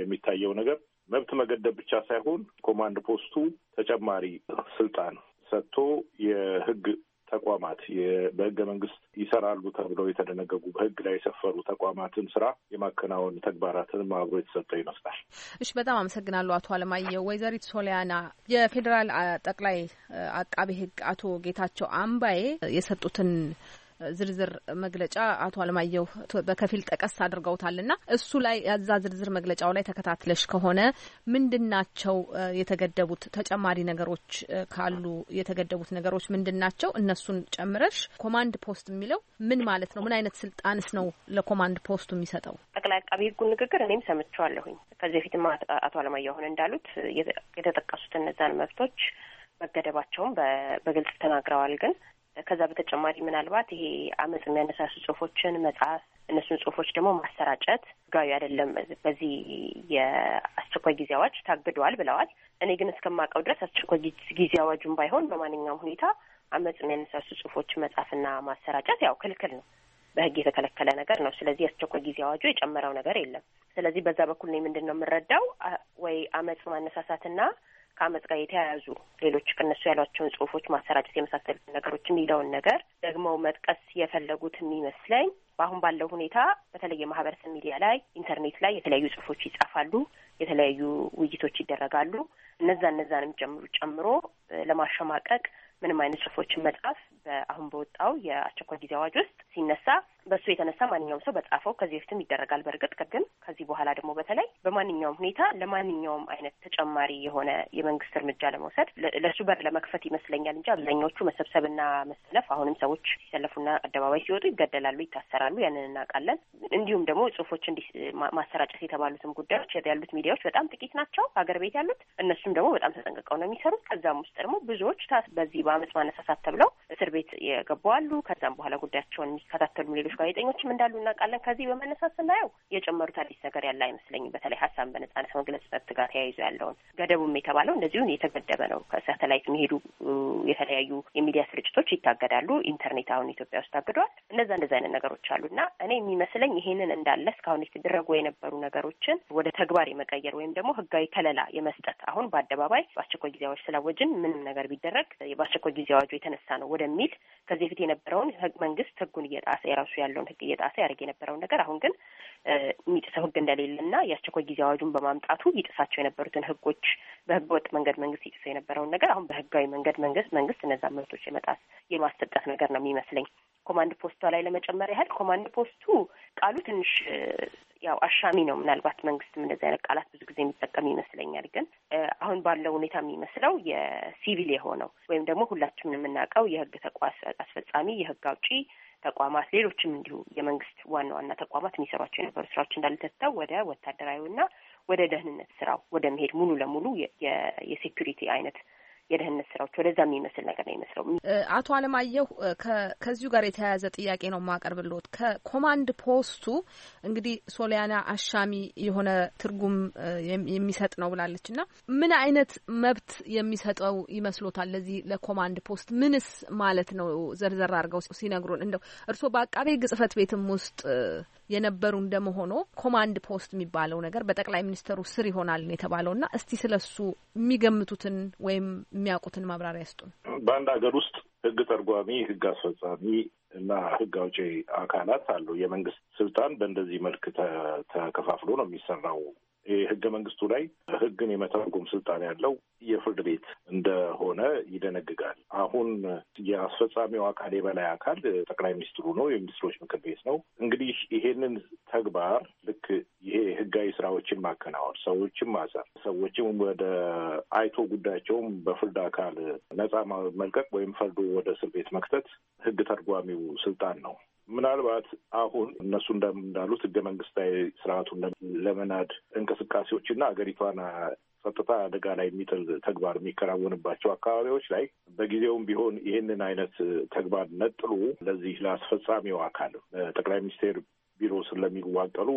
የሚታየው ነገር መብት መገደብ ብቻ ሳይሆን ኮማንድ ፖስቱ ተጨማሪ ስልጣን ሰጥቶ የህግ ተቋማት በህገ መንግስት ይሰራሉ ተብለው የተደነገጉ በህግ ላይ የሰፈሩ ተቋማትን ስራ የማከናወን ተግባራትን አብሮ የተሰጠ ይመስላል። እሺ፣ በጣም አመሰግናለሁ አቶ አለማየሁ። ወይዘሪት ሶሊያና የፌዴራል ጠቅላይ አቃቤ ህግ አቶ ጌታቸው አምባዬ የሰጡትን ዝርዝር መግለጫ አቶ አለማየሁ በከፊል ጠቀስ አድርገውታል ና እሱ ላይ ያዛ ዝርዝር መግለጫው ላይ ተከታትለሽ ከሆነ ምንድን ናቸው የተገደቡት ተጨማሪ ነገሮች ካሉ የተገደቡት ነገሮች ምንድን ናቸው? እነሱን ጨምረሽ ኮማንድ ፖስት የሚለው ምን ማለት ነው? ምን አይነት ስልጣንስ ነው ለኮማንድ ፖስቱ የሚሰጠው? ጠቅላይ አቃቢ ሕጉን ንግግር እኔም ሰምቸዋለሁኝ። ከዚህ በፊትም አቶ አለማየሁ አሁን እንዳሉት የተጠቀሱት እነዛን መብቶች መገደባቸውን በግልጽ ተናግረዋል። ግን ከዛ በተጨማሪ ምናልባት ይሄ አመፅ የሚያነሳሱ ጽሁፎችን መጽሐፍ፣ እነሱን ጽሁፎች ደግሞ ማሰራጨት ህጋዊ አይደለም፣ በዚህ የአስቸኳይ ጊዜ አዋጅ ታግደዋል ብለዋል። እኔ ግን እስከማውቀው ድረስ አስቸኳይ ጊዜ አዋጁን ባይሆን በማንኛውም ሁኔታ አመፅ የሚያነሳሱ ጽሁፎች መጽሐፍና ማሰራጨት ያው ክልክል ነው፣ በህግ የተከለከለ ነገር ነው። ስለዚህ አስቸኳይ ጊዜ አዋጁ የጨመረው ነገር የለም። ስለዚህ በዛ በኩል ነው ምንድን ነው የምንረዳው ወይ አመፅ ማነሳሳትና ከአመፅ ጋር የተያያዙ ሌሎች ከነሱ ያሏቸውን ጽሁፎች ማሰራጨት የመሳሰሉት ነገሮች የሚለውን ነገር ደግሞ መጥቀስ የፈለጉት የሚመስለኝ በአሁን ባለው ሁኔታ በተለይ የማህበረሰብ ሚዲያ ላይ ኢንተርኔት ላይ የተለያዩ ጽሁፎች ይጻፋሉ፣ የተለያዩ ውይይቶች ይደረጋሉ። እነዛ እነዛንም ጨምሮ ጨምሮ ለማሸማቀቅ ምንም አይነት ጽሁፎችን መጻፍ አሁን በወጣው የአስቸኳይ ጊዜ አዋጅ ውስጥ ሲነሳ በእሱ የተነሳ ማንኛውም ሰው በጻፈው ከዚህ በፊትም ይደረጋል። በእርግጥ ግን ከዚህ በኋላ ደግሞ በተለይ በማንኛውም ሁኔታ ለማንኛውም አይነት ተጨማሪ የሆነ የመንግስት እርምጃ ለመውሰድ ለእሱ በር ለመክፈት ይመስለኛል እንጂ አብዛኛዎቹ መሰብሰብና መሰለፍ አሁንም ሰዎች ሲሰለፉና አደባባይ ሲወጡ ይገደላሉ፣ ይታሰራሉ። ያንን እናውቃለን። እንዲሁም ደግሞ ጽሁፎች እንዲ ማሰራጨት የተባሉትም ጉዳዮች ያሉት ሚዲያዎች በጣም ጥቂት ናቸው ሀገር ቤት ያሉት። እነሱም ደግሞ በጣም ተጠንቅቀው ነው የሚሰሩት። ከዛም ውስጥ ደግሞ ብዙዎች በዚህ በአመፅ ማነሳሳት ተብለው እስር ቤት የገቡ አሉ። ከዛም በኋላ ጉዳያቸውን የሚከታተሉ ሌሎች ጋዜጠኞችም እንዳሉ እናውቃለን። ከዚህ በመነሳት ስናየው የጨመሩት አዲስ ነገር ያለ አይመስለኝም። በተለይ ሀሳብን በነጻነት መግለጽ መብት ጋር ተያይዞ ያለውን ገደቡም የተባለው እንደዚሁን የተገደበ ነው። ከሳተላይት የሚሄዱ የተለያዩ የሚዲያ ስርጭቶች ይታገዳሉ። ኢንተርኔት አሁን ኢትዮጵያ ውስጥ ታግደዋል። እነዛ እንደዚ አይነት ነገሮች አሉ እና እኔ የሚመስለኝ ይሄንን እንዳለ እስካሁን የተደረጉ የነበሩ ነገሮችን ወደ ተግባር የመቀየር ወይም ደግሞ ህጋዊ ከለላ የመስጠት አሁን በአደባባይ በአስቸኳይ ጊዜ አዋጅ ስላወጅን ምንም ነገር ቢደረግ በአስቸኳይ ጊዜ አዋጁ የተነሳ ነው ወደሚ በሚል ከዚህ በፊት የነበረውን መንግስት ህጉን እየጣሰ የራሱ ያለውን ህግ እየጣሰ ያደርግ የነበረውን ነገር አሁን ግን የሚጥሰው ህግ እንደሌለና የአስቸኳይ ጊዜ አዋጁን በማምጣቱ ይጥሳቸው የነበሩትን ህጎች በህገ ወጥ መንገድ መንግስት ይጥሰው የነበረውን ነገር አሁን በህጋዊ መንገድ መንግስት መንግስት እነዛ መብቶች የመጣስ የማሰጠት ነገር ነው የሚመስለኝ። ኮማንድ ፖስቷ ላይ ለመጨመር ያህል ኮማንድ ፖስቱ ቃሉ ትንሽ ያው አሻሚ ነው። ምናልባት መንግስትም እንደዚህ አይነት ቃላት ብዙ ጊዜ የሚጠቀም ይመስለኛል። ግን አሁን ባለው ሁኔታ የሚመስለው የሲቪል የሆነው ወይም ደግሞ ሁላችንም የምናውቀው የህግ ተቋስ አስፈጻሚ፣ የህግ አውጪ ተቋማት ሌሎችም እንዲሁ የመንግስት ዋና ዋና ተቋማት የሚሰሯቸው የነበሩ ስራዎች እንዳልተተው ወደ ወታደራዊና ወደ ደህንነት ስራው ወደ መሄድ ሙሉ ለሙሉ የሴኩሪቲ አይነት የደህንነት ስራዎች ወደዛ የሚመስል ነገር ነው ይመስለው። አቶ አለማየሁ ከዚሁ ጋር የተያያዘ ጥያቄ ነው ማቀርብልዎት። ከኮማንድ ፖስቱ እንግዲህ ሶሊያና አሻሚ የሆነ ትርጉም የሚሰጥ ነው ብላለች እና ምን አይነት መብት የሚሰጠው ይመስሎታል? ለዚህ ለኮማንድ ፖስት ምንስ ማለት ነው? ዘርዘር አድርገው ሲነግሩን እንደው እርስዎ በአቃቤ ሕግ ቤትም ውስጥ የነበሩ እንደመሆኖ ኮማንድ ፖስት የሚባለው ነገር በጠቅላይ ሚኒስተሩ ስር ይሆናል የተባለው እና እስቲ ስለሱ የሚገምቱትን ወይም የሚያውቁትን ማብራሪያ ያስጡን። በአንድ ሀገር ውስጥ ህግ ተርጓሚ፣ ህግ አስፈጻሚ እና ህግ አውጪ አካላት አሉ። የመንግስት ስልጣን በእንደዚህ መልክ ተከፋፍሎ ነው የሚሰራው። የህገ መንግስቱ ላይ ህግን የመተርጎም ስልጣን ያለው የፍርድ ቤት እንደሆነ ይደነግጋል። አሁን የአስፈጻሚው አካል የበላይ አካል ጠቅላይ ሚኒስትሩ ነው፣ የሚኒስትሮች ምክር ቤት ነው። እንግዲህ ይሄንን ተግባር ልክ ይሄ ህጋዊ ስራዎችን ማከናወን፣ ሰዎችን ማሰር፣ ሰዎችም ወደ አይቶ ጉዳያቸውም በፍርድ አካል ነጻ መልቀቅ ወይም ፈርዶ ወደ እስር ቤት መክተት ህግ ተርጓሚው ስልጣን ነው። ምናልባት አሁን እነሱ እንዳሉት ህገ መንግስታዊ ስርዓቱን ለመናድ እንቅስቃሴዎችና ሀገሪቷን ጸጥታ አደጋ ላይ የሚጥል ተግባር የሚከናወንባቸው አካባቢዎች ላይ በጊዜውም ቢሆን ይህንን አይነት ተግባር ነጥሉ ለዚህ ለአስፈጻሚው አካል ጠቅላይ ሚኒስቴር ቢሮ ስለሚዋቀሉ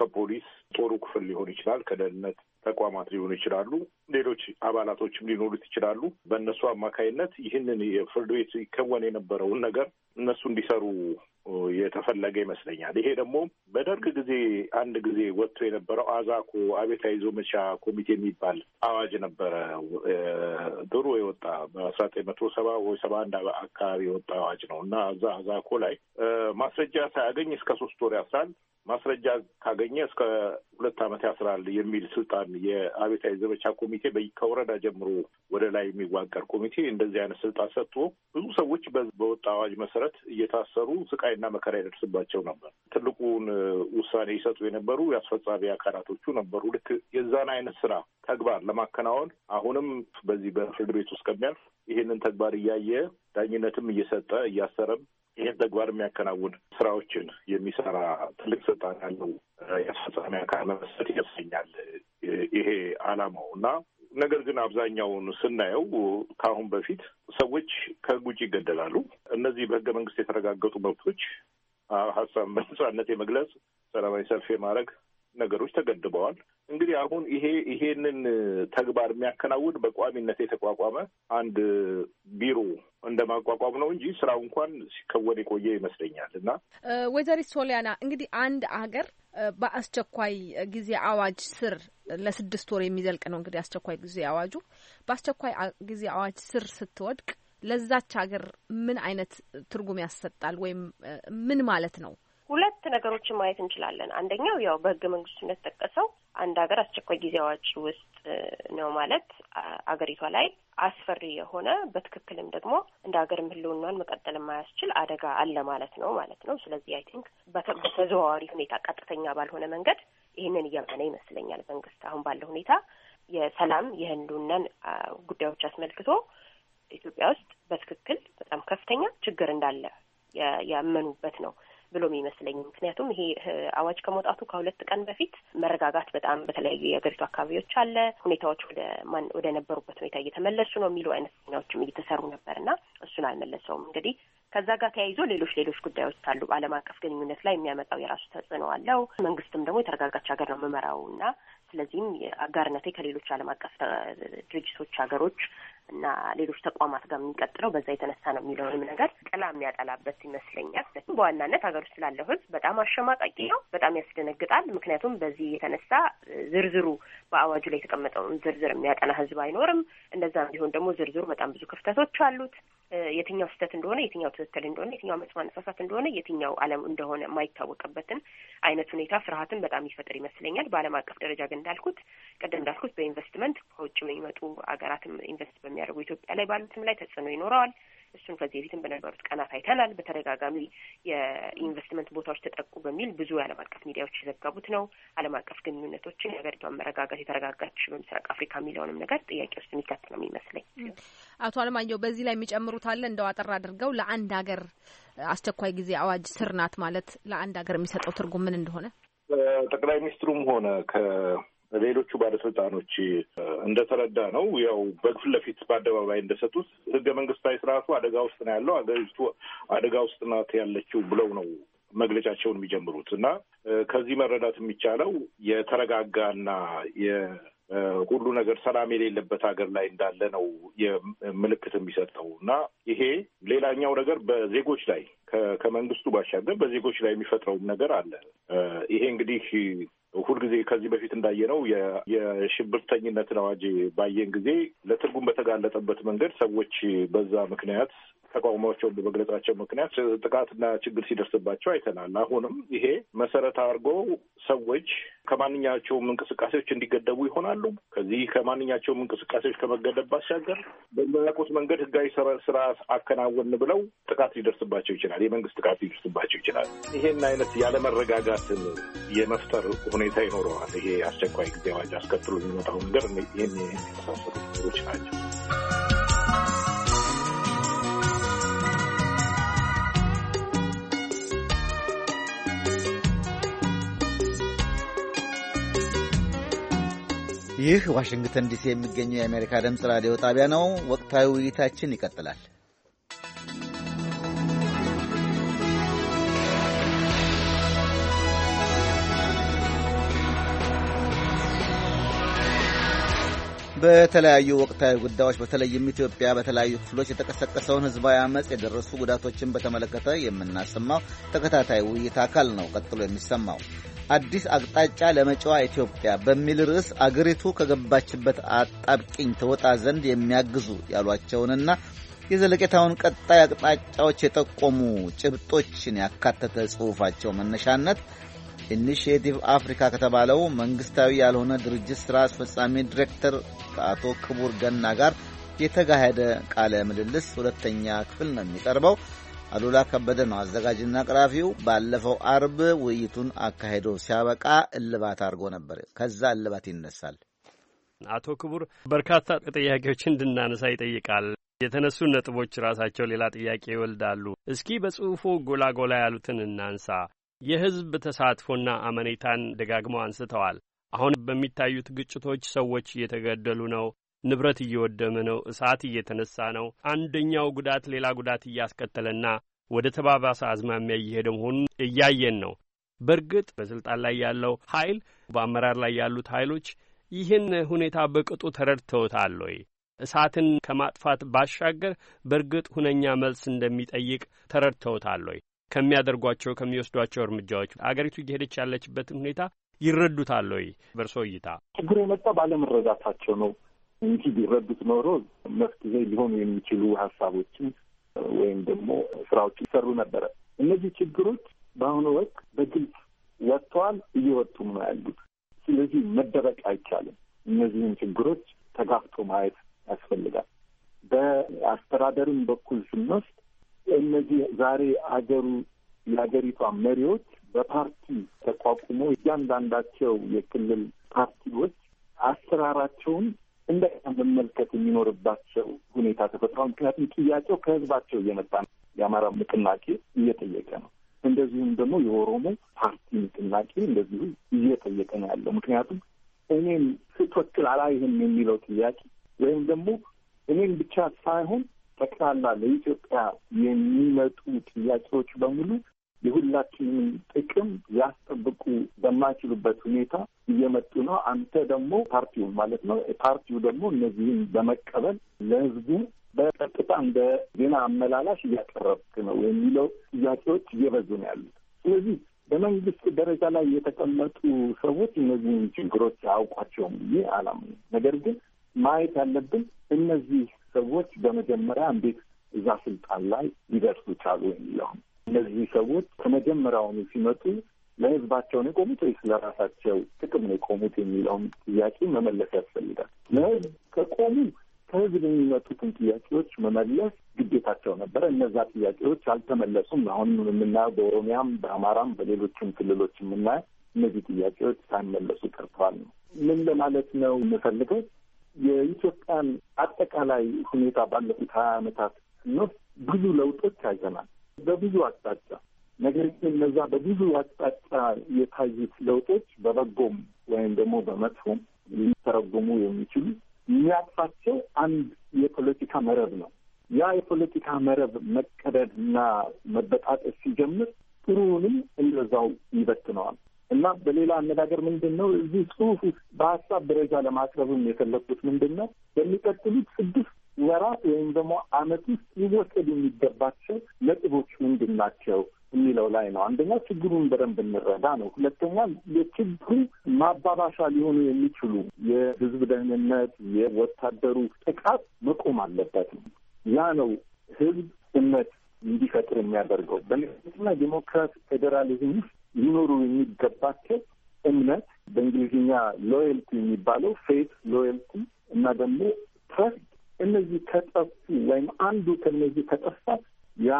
ከፖሊስ ጦሩ ክፍል ሊሆን ይችላል፣ ከደህንነት ተቋማት ሊሆኑ ይችላሉ፣ ሌሎች አባላቶችም ሊኖሩት ይችላሉ። በእነሱ አማካይነት ይህንን የፍርድ ቤት ይከወን የነበረውን ነገር እነሱ እንዲሰሩ የተፈለገ ይመስለኛል። ይሄ ደግሞ በደርግ ጊዜ አንድ ጊዜ ወጥቶ የነበረው አዛኮ አቤት አይዞ መቻ ኮሚቴ የሚባል አዋጅ ነበረ። ድሮ የወጣ በአስራ ዘጠኝ መቶ ሰባ ወይ ሰባ አንድ አካባቢ የወጣ አዋጅ ነው እና እዛ አዛኮ ላይ ማስረጃ ሳያገኝ እስከ ሶስት ወር ያስራል ማስረጃ ካገኘ እስከ ሁለት ዓመት ያስራል የሚል ስልጣን የአቤታዊ ዘመቻ ኮሚቴ ከወረዳ ጀምሮ ወደ ላይ የሚዋቀር ኮሚቴ እንደዚህ አይነት ስልጣን ሰጥቶ ብዙ ሰዎች በወጣ አዋጅ መሰረት እየታሰሩ ስቃይና መከራ ይደርስባቸው ነበር። ትልቁን ውሳኔ ይሰጡ የነበሩ የአስፈጻሚ አካላቶቹ ነበሩ። ልክ የዛን አይነት ስራ ተግባር ለማከናወን አሁንም በዚህ በፍርድ ቤት ውስጥ ከሚያልፍ ይህንን ተግባር እያየ ዳኝነትም እየሰጠ እያሰረም ይህን ተግባር የሚያከናውን ስራዎችን የሚሰራ ትልቅ ስልጣን ያለው የአስፈጻሚ አካል መመስረት ይመስለኛል ይሄ አላማው እና ነገር ግን አብዛኛውን ስናየው ከአሁን በፊት ሰዎች ከህግ ውጭ ይገደላሉ። እነዚህ በህገ መንግስት የተረጋገጡ መብቶች ሀሳብ በነጻነት የመግለጽ፣ ሰላማዊ ሰልፍ የማድረግ፣ ነገሮች ተገድበዋል። እንግዲህ አሁን ይሄ ይሄንን ተግባር የሚያከናውን በቋሚነት የተቋቋመ አንድ ቢሮ እንደ ማቋቋም ነው እንጂ ስራው እንኳን ሲከወን የቆየ ይመስለኛል። እና ወይዘሪት ሶሊያና እንግዲህ አንድ አገር በአስቸኳይ ጊዜ አዋጅ ስር ለስድስት ወር የሚዘልቅ ነው እንግዲህ አስቸኳይ ጊዜ አዋጁ። በአስቸኳይ ጊዜ አዋጅ ስር ስትወድቅ ለዛች ሀገር ምን አይነት ትርጉም ያሰጣል ወይም ምን ማለት ነው? ሁለት ነገሮችን ማየት እንችላለን። አንደኛው ያው በህገ መንግስቱ እንደተጠቀሰው አንድ ሀገር አስቸኳይ ጊዜ አዋጅ ውስጥ ነው ማለት አገሪቷ ላይ አስፈሪ የሆነ በትክክልም ደግሞ እንደ ሀገርም ህልውናን መቀጠል የማያስችል አደጋ አለ ማለት ነው ማለት ነው። ስለዚህ አይ ቲንክ በተዘዋዋሪ ሁኔታ ቀጥተኛ ባልሆነ መንገድ ይህንን እያመነ ይመስለኛል መንግስት አሁን ባለው ሁኔታ የሰላም የህልውናን ጉዳዮች አስመልክቶ ኢትዮጵያ ውስጥ በትክክል በጣም ከፍተኛ ችግር እንዳለ ያመኑበት ነው። ብሎ ይመስለኝ። ምክንያቱም ይሄ አዋጅ ከመውጣቱ ከሁለት ቀን በፊት መረጋጋት በጣም በተለያዩ የሀገሪቱ አካባቢዎች አለ፣ ሁኔታዎች ወደ ማን ወደ ነበሩበት ሁኔታ እየተመለሱ ነው የሚሉ አይነት ዜናዎችም እየተሰሩ ነበር እና እሱን አልመለሰውም። እንግዲህ ከዛ ጋር ተያይዞ ሌሎች ሌሎች ጉዳዮች አሉ። በዓለም አቀፍ ግንኙነት ላይ የሚያመጣው የራሱ ተጽዕኖ አለው። መንግስትም ደግሞ የተረጋጋች ሀገር ነው የምመራው እና ስለዚህም አጋርነቴ ከሌሎች ዓለም አቀፍ ድርጅቶች ሀገሮች እና ሌሎች ተቋማት ጋር የሚቀጥለው በዛ የተነሳ ነው የሚለውንም ነገር ጥላ የሚያጠላበት ይመስለኛል። በዋናነት ሀገር ውስጥ ላለው ሕዝብ በጣም አሸማቃቂ ነው፣ በጣም ያስደነግጣል። ምክንያቱም በዚህ የተነሳ ዝርዝሩ በአዋጁ ላይ የተቀመጠውን ዝርዝር የሚያጠና ሕዝብ አይኖርም። እንደዛም ቢሆን ደግሞ ዝርዝሩ በጣም ብዙ ክፍተቶች አሉት። የትኛው ስህተት እንደሆነ የትኛው ትክክል እንደሆነ የትኛው አመጽ ማነሳሳት እንደሆነ የትኛው ዓለም እንደሆነ የማይታወቅበትን አይነት ሁኔታ ፍርሀትን በጣም ይፈጥር ይመስለኛል። በዓለም አቀፍ ደረጃ ግን እንዳልኩት ቅድም እንዳልኩት በኢንቨስትመንት ከውጭ የሚመጡ ሀገራትም ኢንቨስት በሚያደርጉ ኢትዮጵያ ላይ ባሉትም ላይ ተጽዕኖ ይኖረዋል። እሱም ከዚህ በፊትም በነበሩት ቀናት አይተናል። በተደጋጋሚ የኢንቨስትመንት ቦታዎች ተጠቁ በሚል ብዙ የዓለም አቀፍ ሚዲያዎች የዘገቡት ነው። ዓለም አቀፍ ግንኙነቶችን የሀገሪቷን መረጋጋት የተረጋጋች በምስራቅ አፍሪካ የሚለውንም ነገር ጥያቄ ውስጥ የሚከት ነው የሚመስለኝ። አቶ አለማየሁ በዚህ ላይ የሚጨምሩት አለ? እንደው አጠር አድርገው ለአንድ ሀገር አስቸኳይ ጊዜ አዋጅ ስር ናት ማለት ለአንድ ሀገር የሚሰጠው ትርጉም ምን እንደሆነ ጠቅላይ ሚኒስትሩም ሆነ ሌሎቹ ባለስልጣኖች እንደተረዳ ነው ያው በግፍ ለፊት በአደባባይ እንደሰጡት ህገ መንግስታዊ ስርዓቱ አደጋ ውስጥ ነው ያለው፣ አገሪቱ አደጋ ውስጥ ናት ያለችው ብለው ነው መግለጫቸውን የሚጀምሩት እና ከዚህ መረዳት የሚቻለው የተረጋጋና ሁሉ ነገር ሰላም የሌለበት ሀገር ላይ እንዳለ ነው ምልክት የሚሰጠው እና ይሄ ሌላኛው ነገር በዜጎች ላይ ከመንግስቱ ባሻገር በዜጎች ላይ የሚፈጥረውም ነገር አለ። ይሄ እንግዲህ ሁልጊዜ ከዚህ በፊት እንዳየነው የሽብርተኝነትን አዋጅ ባየን ጊዜ ለትርጉም በተጋለጠበት መንገድ ሰዎች በዛ ምክንያት ተቋቁሟቸው በመግለጻቸው ምክንያት ጥቃትና ችግር ሲደርስባቸው አይተናል። አሁንም ይሄ መሰረት አድርጎ ሰዎች ከማንኛቸውም እንቅስቃሴዎች እንዲገደቡ ይሆናሉ። ከዚህ ከማንኛቸውም እንቅስቃሴዎች ከመገደብ ባሻገር በሚያውቁት መንገድ ህጋዊ ስራ አከናወን ብለው ጥቃት ሊደርስባቸው ይችላል። የመንግስት ጥቃት ሊደርስባቸው ይችላል። ይሄን አይነት ያለመረጋጋትን የመፍጠር ሁኔታ ይኖረዋል። ይሄ አስቸኳይ ጊዜ አዋጅ አስከትሎ የሚመጣው ነገር ይህን የመሳሰሉ ነገሮች ናቸው። ይህ ዋሽንግተን ዲሲ የሚገኘው የአሜሪካ ድምፅ ራዲዮ ጣቢያ ነው። ወቅታዊ ውይይታችን ይቀጥላል። በተለያዩ ወቅታዊ ጉዳዮች በተለይም ኢትዮጵያ በተለያዩ ክፍሎች የተቀሰቀሰውን ሕዝባዊ አመፅ የደረሱ ጉዳቶችን በተመለከተ የምናሰማው ተከታታይ ውይይት አካል ነው። ቀጥሎ የሚሰማው አዲስ አቅጣጫ ለመጪዋ ኢትዮጵያ በሚል ርዕስ አገሪቱ ከገባችበት አጣብቂኝ ተወጣ ዘንድ የሚያግዙ ያሏቸውንና የዘለቄታውን ቀጣይ አቅጣጫዎች የጠቆሙ ጭብጦችን ያካተተ ጽሑፋቸው መነሻነት ኢኒሽቲቭ አፍሪካ ከተባለው መንግስታዊ ያልሆነ ድርጅት ሥራ አስፈጻሚ ዲሬክተር ከአቶ ክቡር ገና ጋር የተካሄደ ቃለ ምልልስ ሁለተኛ ክፍል ነው የሚቀርበው። አሉላ ከበደ ነው አዘጋጅና አቅራቢው። ባለፈው አርብ ውይይቱን አካሄዶ ሲያበቃ እልባት አድርጎ ነበር። ከዛ እልባት ይነሳል። አቶ ክቡር በርካታ ጥያቄዎች እንድናነሳ ይጠይቃል። የተነሱ ነጥቦች ራሳቸው ሌላ ጥያቄ ይወልዳሉ። እስኪ በጽሁፉ ጎላጎላ ያሉትን እናንሳ። የህዝብ ተሳትፎና አመኔታን ደጋግመው አንስተዋል። አሁን በሚታዩት ግጭቶች ሰዎች እየተገደሉ ነው፣ ንብረት እየወደመ ነው፣ እሳት እየተነሳ ነው፣ አንደኛው ጉዳት ሌላ ጉዳት እያስከተለና ወደ ተባባሰ አዝማሚያ እየሄደ መሆኑን እያየን ነው። በእርግጥ በስልጣን ላይ ያለው ኃይል በአመራር ላይ ያሉት ኃይሎች ይህን ሁኔታ በቅጡ ተረድተውታል ወይ? እሳትን ከማጥፋት ባሻገር በእርግጥ ሁነኛ መልስ እንደሚጠይቅ ተረድተውታል ወይ? ከሚያደርጓቸው ከሚወስዷቸው እርምጃዎች አገሪቱ እየሄደች ያለችበትን ሁኔታ ይረዱታል ወይ? በእርሶ እይታ ችግሩ የመጣ ባለመረዳታቸው ነው። እንጂ ቢረዱት ኖሮ መፍትሄ ሊሆኑ የሚችሉ ሀሳቦችን ወይም ደግሞ ስራዎች ይሰሩ ነበረ። እነዚህ ችግሮች በአሁኑ ወቅት በግልጽ ወጥተዋል፣ እየወጡም ነው ያሉት። ስለዚህ መደበቅ አይቻልም። እነዚህን ችግሮች ተጋፍጦ ማየት ያስፈልጋል። በአስተዳደርም በኩል ስንወስድ እነዚህ ዛሬ ሀገሩ የሀገሪቷ መሪዎች በፓርቲ ተቋቁሞ እያንዳንዳቸው የክልል ፓርቲዎች አሰራራቸውን እንደ መመልከት የሚኖርባቸው ሁኔታ ተፈጥሯል። ምክንያቱም ጥያቄው ከህዝባቸው እየመጣ ነው። የአማራ ንቅናቄ እየጠየቀ ነው። እንደዚሁም ደግሞ የኦሮሞ ፓርቲ ንቅናቄ እንደዚሁ እየጠየቀ ነው ያለው። ምክንያቱም እኔም ስትወክል አላይህም የሚለው ጥያቄ ወይም ደግሞ እኔም ብቻ ሳይሆን ጠቅላላ ለኢትዮጵያ የሚመጡ ጥያቄዎች በሙሉ የሁላችንም ጥቅም ሊያስጠብቁ በማይችሉበት ሁኔታ እየመጡ ነው። አንተ ደግሞ ፓርቲውን ማለት ነው። ፓርቲው ደግሞ እነዚህን በመቀበል ለህዝቡ በቀጥታ እንደ ዜና አመላላሽ እያቀረብክ ነው የሚለው ጥያቄዎች እየበዙ ነው ያሉት። ስለዚህ በመንግስት ደረጃ ላይ የተቀመጡ ሰዎች እነዚህን ችግሮች አያውቋቸውም ብዬ አላምንም። ነገር ግን ማየት ያለብን እነዚህ ሰዎች በመጀመሪያ እንዴት እዛ ስልጣን ላይ ሊደርሱ ቻሉ የሚለውም እነዚህ ሰዎች ከመጀመሪያውኑ ሲመጡ ለህዝባቸው ነው የቆሙት ወይስ ለራሳቸው ጥቅም ነው የቆሙት የሚለውን ጥያቄ መመለስ ያስፈልጋል። ለህዝብ ከቆሙ ከህዝብ የሚመጡትን ጥያቄዎች መመለስ ግዴታቸው ነበረ። እነዛ ጥያቄዎች አልተመለሱም። አሁንም የምናየው በኦሮሚያም፣ በአማራም፣ በሌሎችም ክልሎች የምናየው እነዚህ ጥያቄዎች ሳይመለሱ ቀርተዋል ነው። ምን ለማለት ነው የምፈልገው የኢትዮጵያን አጠቃላይ ሁኔታ ባለፉት ሀያ ዓመታት ስንወስድ ብዙ ለውጦች አይዘናል። በብዙ አቅጣጫ ነገር ግን እነዛ በብዙ አቅጣጫ የታዩት ለውጦች በበጎም ወይም ደግሞ በመጥፎም ሊተረጎሙ የሚችሉ የሚያጥፋቸው አንድ የፖለቲካ መረብ ነው። ያ የፖለቲካ መረብ እና መበጣጠስ ሲጀምር ጥሩውንም እንደዛው ይበትነዋል እና በሌላ አነጋገር ምንድን ነው እዚህ ጽሁፍ ውስጥ በሀሳብ ደረጃ ለማቅረብም የፈለግኩት ምንድን ነው በሚቀጥሉት ስድስት ወራት ወይም ደግሞ አመት ውስጥ ሊወሰድ የሚገባቸው ነጥቦች ምንድን ናቸው የሚለው ላይ ነው። አንደኛ ችግሩን በደንብ እንረዳ ነው። ሁለተኛ የችግሩ ማባባሻ ሊሆኑ የሚችሉ የህዝብ ደህንነት፣ የወታደሩ ጥቃት መቆም አለበት ነው። ያ ነው ህዝብ እምነት እንዲፈጥር የሚያደርገው በነትና ዲሞክራት ፌዴራሊዝም ውስጥ ሊኖሩ የሚገባቸው እምነት በእንግሊዝኛ ሎየልቲ የሚባለው ፌት ሎየልቲ እና ደግሞ ትረስት እነዚህ ከጠፉ ወይም አንዱ ከነዚህ ከጠፋ ያ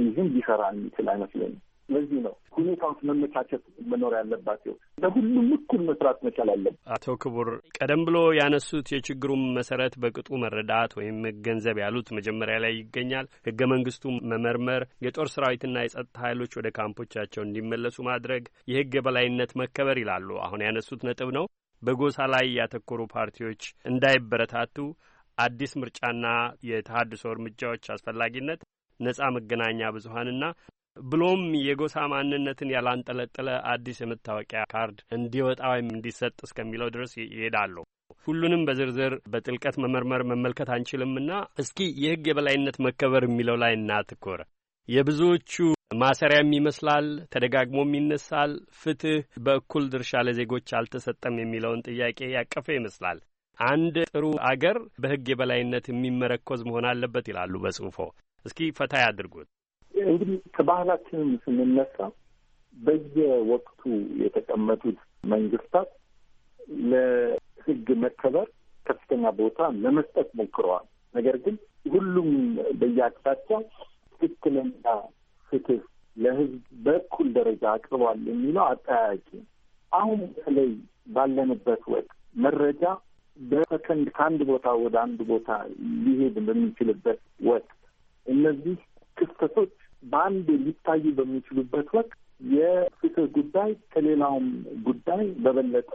ሊዝም ሊሰራ የሚችል አይመስለኝም። ለዚህ ነው ሁኔታዎች መመቻቸት መኖር ያለባቸው። ለሁሉም እኩል መስራት መቻል አለብን። አቶ ክቡር ቀደም ብሎ ያነሱት የችግሩን መሰረት በቅጡ መረዳት ወይም መገንዘብ ያሉት መጀመሪያ ላይ ይገኛል። ህገ መንግስቱ መመርመር፣ የጦር ሰራዊትና የጸጥታ ኃይሎች ወደ ካምፖቻቸው እንዲመለሱ ማድረግ፣ የህግ የበላይነት መከበር ይላሉ። አሁን ያነሱት ነጥብ ነው። በጎሳ ላይ ያተኮሩ ፓርቲዎች እንዳይበረታቱ አዲስ ምርጫና የተሀድሶ እርምጃዎች አስፈላጊነት ነጻ መገናኛ ብዙሀንና ብሎም የጎሳ ማንነትን ያላንጠለጠለ አዲስ የመታወቂያ ካርድ እንዲወጣ ወይም እንዲሰጥ እስከሚለው ድረስ ይሄዳሉ። ሁሉንም በዝርዝር በጥልቀት መመርመር መመልከት አንችልምና እስኪ የህግ የበላይነት መከበር የሚለው ላይ እናትኩር። የብዙዎቹ ማሰሪያም ይመስላል፣ ተደጋግሞም ይነሳል። ፍትህ በእኩል ድርሻ ለዜጎች አልተሰጠም የሚለውን ጥያቄ ያቀፈ ይመስላል። አንድ ጥሩ አገር በህግ የበላይነት የሚመረኮዝ መሆን አለበት ይላሉ በጽሁፎ። እስኪ ፈታ ያድርጉት። እንግዲህ ከባህላችንም ስንነሳ በየወቅቱ የተቀመጡት መንግስታት ለህግ መከበር ከፍተኛ ቦታ ለመስጠት ሞክረዋል። ነገር ግን ሁሉም በየአቅጣጫው ትክክለኛ ፍትህ ለህዝብ በእኩል ደረጃ አቅርቧል የሚለው አጠያያቂ። አሁን በተለይ ባለንበት ወቅት መረጃ በሰከንድ ከአንድ ቦታ ወደ አንድ ቦታ ሊሄድ በሚችልበት ወቅት እነዚህ ክስተቶች በአንድ ሊታዩ በሚችሉበት ወቅት የፍትህ ጉዳይ ከሌላውም ጉዳይ በበለጠ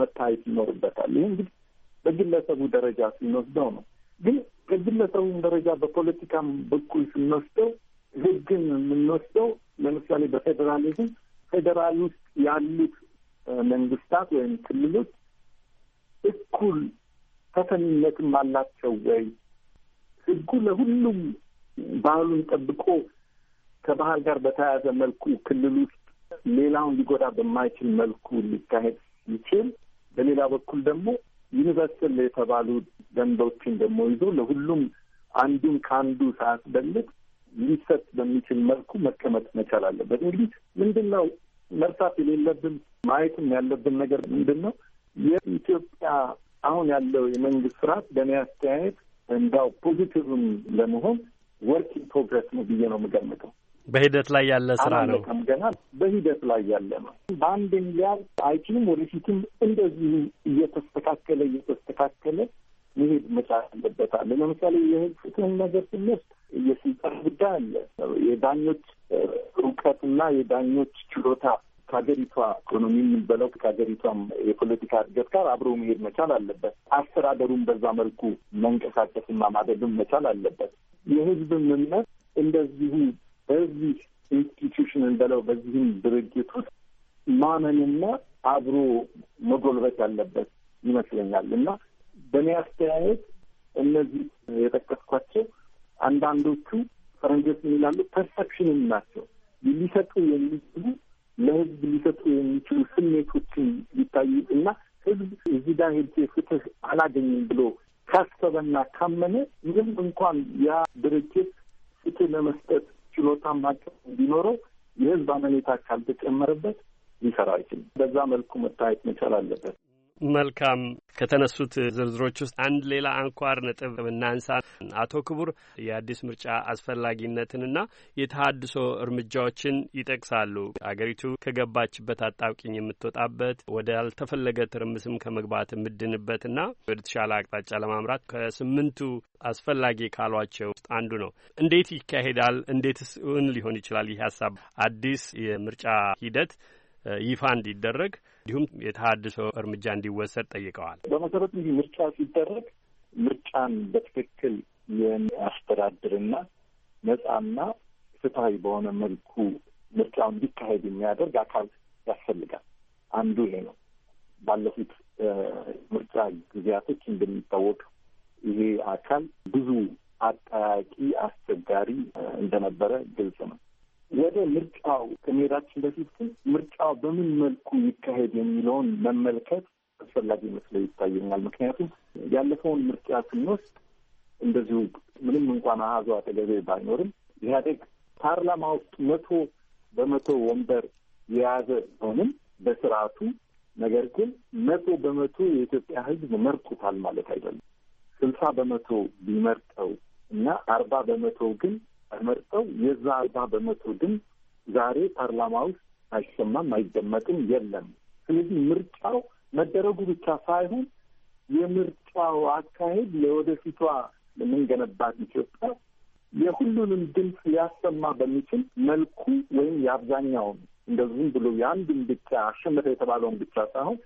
መታየት ይኖርበታል። ይህ እንግዲህ በግለሰቡ ደረጃ ስንወስደው ነው። ግን ከግለሰቡም ደረጃ በፖለቲካም በኩል ስንወስደው ህግን የምንወስደው ለምሳሌ በፌዴራሊዝም ፌዴራል ውስጥ ያሉት መንግስታት ወይም ክልሎች እኩል ተሰሚነትም አላቸው ወይ? ህጉ ለሁሉም ባህሉን ጠብቆ ከባህል ጋር በተያያዘ መልኩ ክልል ውስጥ ሌላውን ሊጎዳ በማይችል መልኩ ሊካሄድ ሲችል በሌላ በኩል ደግሞ ዩኒቨርስል የተባሉ ደንቦችን ደግሞ ይዞ ለሁሉም አንዱን ከአንዱ ሳያስበልጥ ሊሰጥ በሚችል መልኩ መቀመጥ መቻል አለበት። እንግዲህ ምንድን ነው መርሳት የሌለብን ማየትም ያለብን ነገር ምንድን ነው? የኢትዮጵያ አሁን ያለው የመንግስት ስርዓት በእኔ አስተያየት እንዳው ፖዚቲቭም ለመሆን ወርክ ኢን ፕሮግረስ ነው ብዬ ነው የምገምተው። በሂደት ላይ ያለ ስራ ነው። ገና በሂደት ላይ ያለ ነው። በአንድ ሚሊያር አይችልም። ወደፊትም እንደዚህ እየተስተካከለ እየተስተካከለ መሄድ መቻል አለበታል። ለምሳሌ የህግ ፍትህን ነገር ስንወስድ የስልጣን ጉዳይ አለ። የዳኞች እውቀትና የዳኞች ችሎታ ከሀገሪቷ ኢኮኖሚ የምንበለው ከሀገሪቷም የፖለቲካ እድገት ጋር አብሮ መሄድ መቻል አለበት። አስተዳደሩን በዛ መልኩ መንቀሳቀስና ማደግም መቻል አለበት። የህዝብም እምነት እንደዚሁ በዚህ ኢንስቲትዩሽን እንበለው በዚህም ድርጅት ውስጥ ማመንና አብሮ መጎልበት ያለበት ይመስለኛል እና በእኔ አስተያየት እነዚህ የጠቀስኳቸው አንዳንዶቹ ፈረንጆች የሚላሉ ፐርሰፕሽንም ናቸው ሊሰጡ የሚችሉ ለህዝብ ሊሰጡ የሚችሉ ስሜቶችን ሊታዩ እና ህዝብ እዚህ ጋር ሄጄ ፍትህ አላገኝም ብሎ ካሰበና ካመነ ምንም እንኳን ያ ድርጅት ፍትህ ለመስጠት ችሎታ ማቀፍ ቢኖረው የህዝብ አመኔታ ካልተጨመረበት ሊሰራ አይችልም። በዛ መልኩ መታየት መቻል አለበት። መልካም ከተነሱት ዝርዝሮች ውስጥ አንድ ሌላ አንኳር ነጥብ እናንሳ። አቶ ክቡር የአዲስ ምርጫ አስፈላጊነትንና የተሀድሶ እርምጃዎችን ይጠቅሳሉ። አገሪቱ ከገባችበት አጣብቅኝ የምትወጣበት ወደ ያልተፈለገ ትርምስም ከመግባት የምድንበትና ወደ ተሻለ አቅጣጫ ለማምራት ከስምንቱ አስፈላጊ ካሏቸው ውስጥ አንዱ ነው። እንዴት ይካሄዳል? እንዴትስ እውን ሊሆን ይችላል? ይህ ሀሳብ አዲስ የምርጫ ሂደት ይፋ እንዲደረግ እንዲሁም የተሃድሶ እርምጃ እንዲወሰድ ጠይቀዋል። በመሰረቱ ይህ ምርጫ ሲደረግ ምርጫን በትክክል የሚያስተዳድርና ነጻና ፍትሀዊ በሆነ መልኩ ምርጫው እንዲካሄድ የሚያደርግ አካል ያስፈልጋል። አንዱ ይሄ ነው። ባለፉት ምርጫ ጊዜያቶች እንደሚታወቅ ይሄ አካል ብዙ አጠያቂ አስቸጋሪ እንደነበረ ግልጽ ነው። ወደ ምርጫው ከመሄዳችን በፊት ግን ምርጫው በምን መልኩ ይካሄድ የሚለውን መመልከት አስፈላጊ መስሎ ይታየኛል። ምክንያቱም ያለፈውን ምርጫ ስንወስድ እንደዚሁ ምንም እንኳን አሃዙ አጠገቤ ባይኖርም ኢህአዴግ ፓርላማ ውስጥ መቶ በመቶ ወንበር የያዘ ሆንም በስርዓቱ ነገር ግን መቶ በመቶ የኢትዮጵያ ሕዝብ መርጦታል ማለት አይደለም። ስልሳ በመቶ ቢመርጠው እና አርባ በመቶ ግን ተመርጠው የዛ አርባ በመቶ ድምፅ ዛሬ ፓርላማ ውስጥ አይሰማም፣ አይደመጥም፣ የለም። ስለዚህ ምርጫው መደረጉ ብቻ ሳይሆን የምርጫው አካሄድ ለወደፊቷ የምንገነባት ኢትዮጵያ የሁሉንም ድምፅ ሊያሰማ በሚችል መልኩ ወይም የአብዛኛውን እንደዚህም ብሎ የአንድን ብቻ አሸነፈ የተባለውን ብቻ ሳይሆን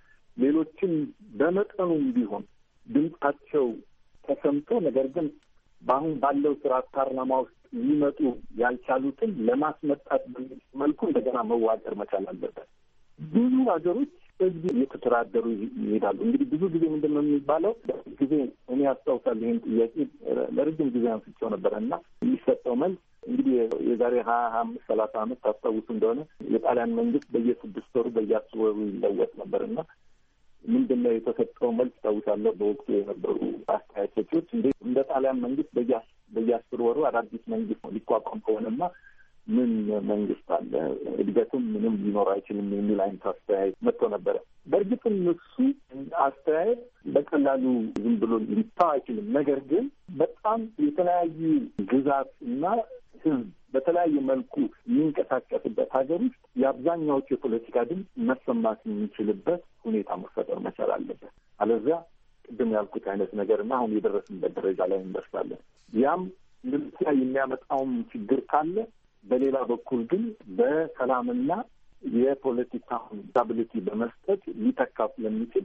ሌሎችን በመጠኑም ቢሆን ድምፃቸው ተሰምቶ ነገር ግን በአሁን ባለው ስርዓት ፓርላማ ውስጥ ሊመጡ ያልቻሉትን ለማስመጣት በሚል መልኩ እንደገና መዋቅር መቻል አለበት። ብዙ ሀገሮች ህዝብ እየተደራደሩ ይሄዳሉ። እንግዲህ ብዙ ጊዜ ምንድን ነው የሚባለው ጊዜ እኔ አስታውሳለሁ ይህን ጥያቄ ለረጅም ጊዜ አንስቼው ነበረ እና የሚሰጠው መልስ እንግዲህ የዛሬ ሀያ አምስት ሰላሳ አመት ታስታውሱ እንደሆነ የጣሊያን መንግስት በየስድስት ወሩ በየአስር ወሩ ይለወጥ ነበር እና ምንድን ነው የተሰጠው መልስ ታውሳለህ? በወቅቱ የነበሩ አስተያየት ሰጪዎች እንዴት እንደ ጣሊያን መንግስት በየአስር ወሩ አዳዲስ መንግስት ሊቋቋም ከሆነማ ምን መንግስት አለ? እድገቱም ምንም ሊኖር አይችልም የሚል አይነት አስተያየት መጥቶ ነበረ። በእርግጥም እሱ አስተያየት በቀላሉ ዝም ብሎ ሊታ አይችልም። ነገር ግን በጣም የተለያዩ ግዛት እና ህዝብ በተለያየ መልኩ የሚንቀሳቀስበት ሀገር ውስጥ የአብዛኛዎቹ የፖለቲካ ድምፅ መሰማት የሚችልበት ሁኔታ መፈጠር መቻል አለበት። አለዚያ ቅድም ያልኩት አይነት ነገርና አሁን የደረስንበት ደረጃ ላይ እንደርሳለን። ያም ምልኪያ የሚያመጣውም ችግር ካለ በሌላ በኩል ግን በሰላምና የፖለቲካውን ስታብሊቲ በመስጠት ሊተካ ስለሚችል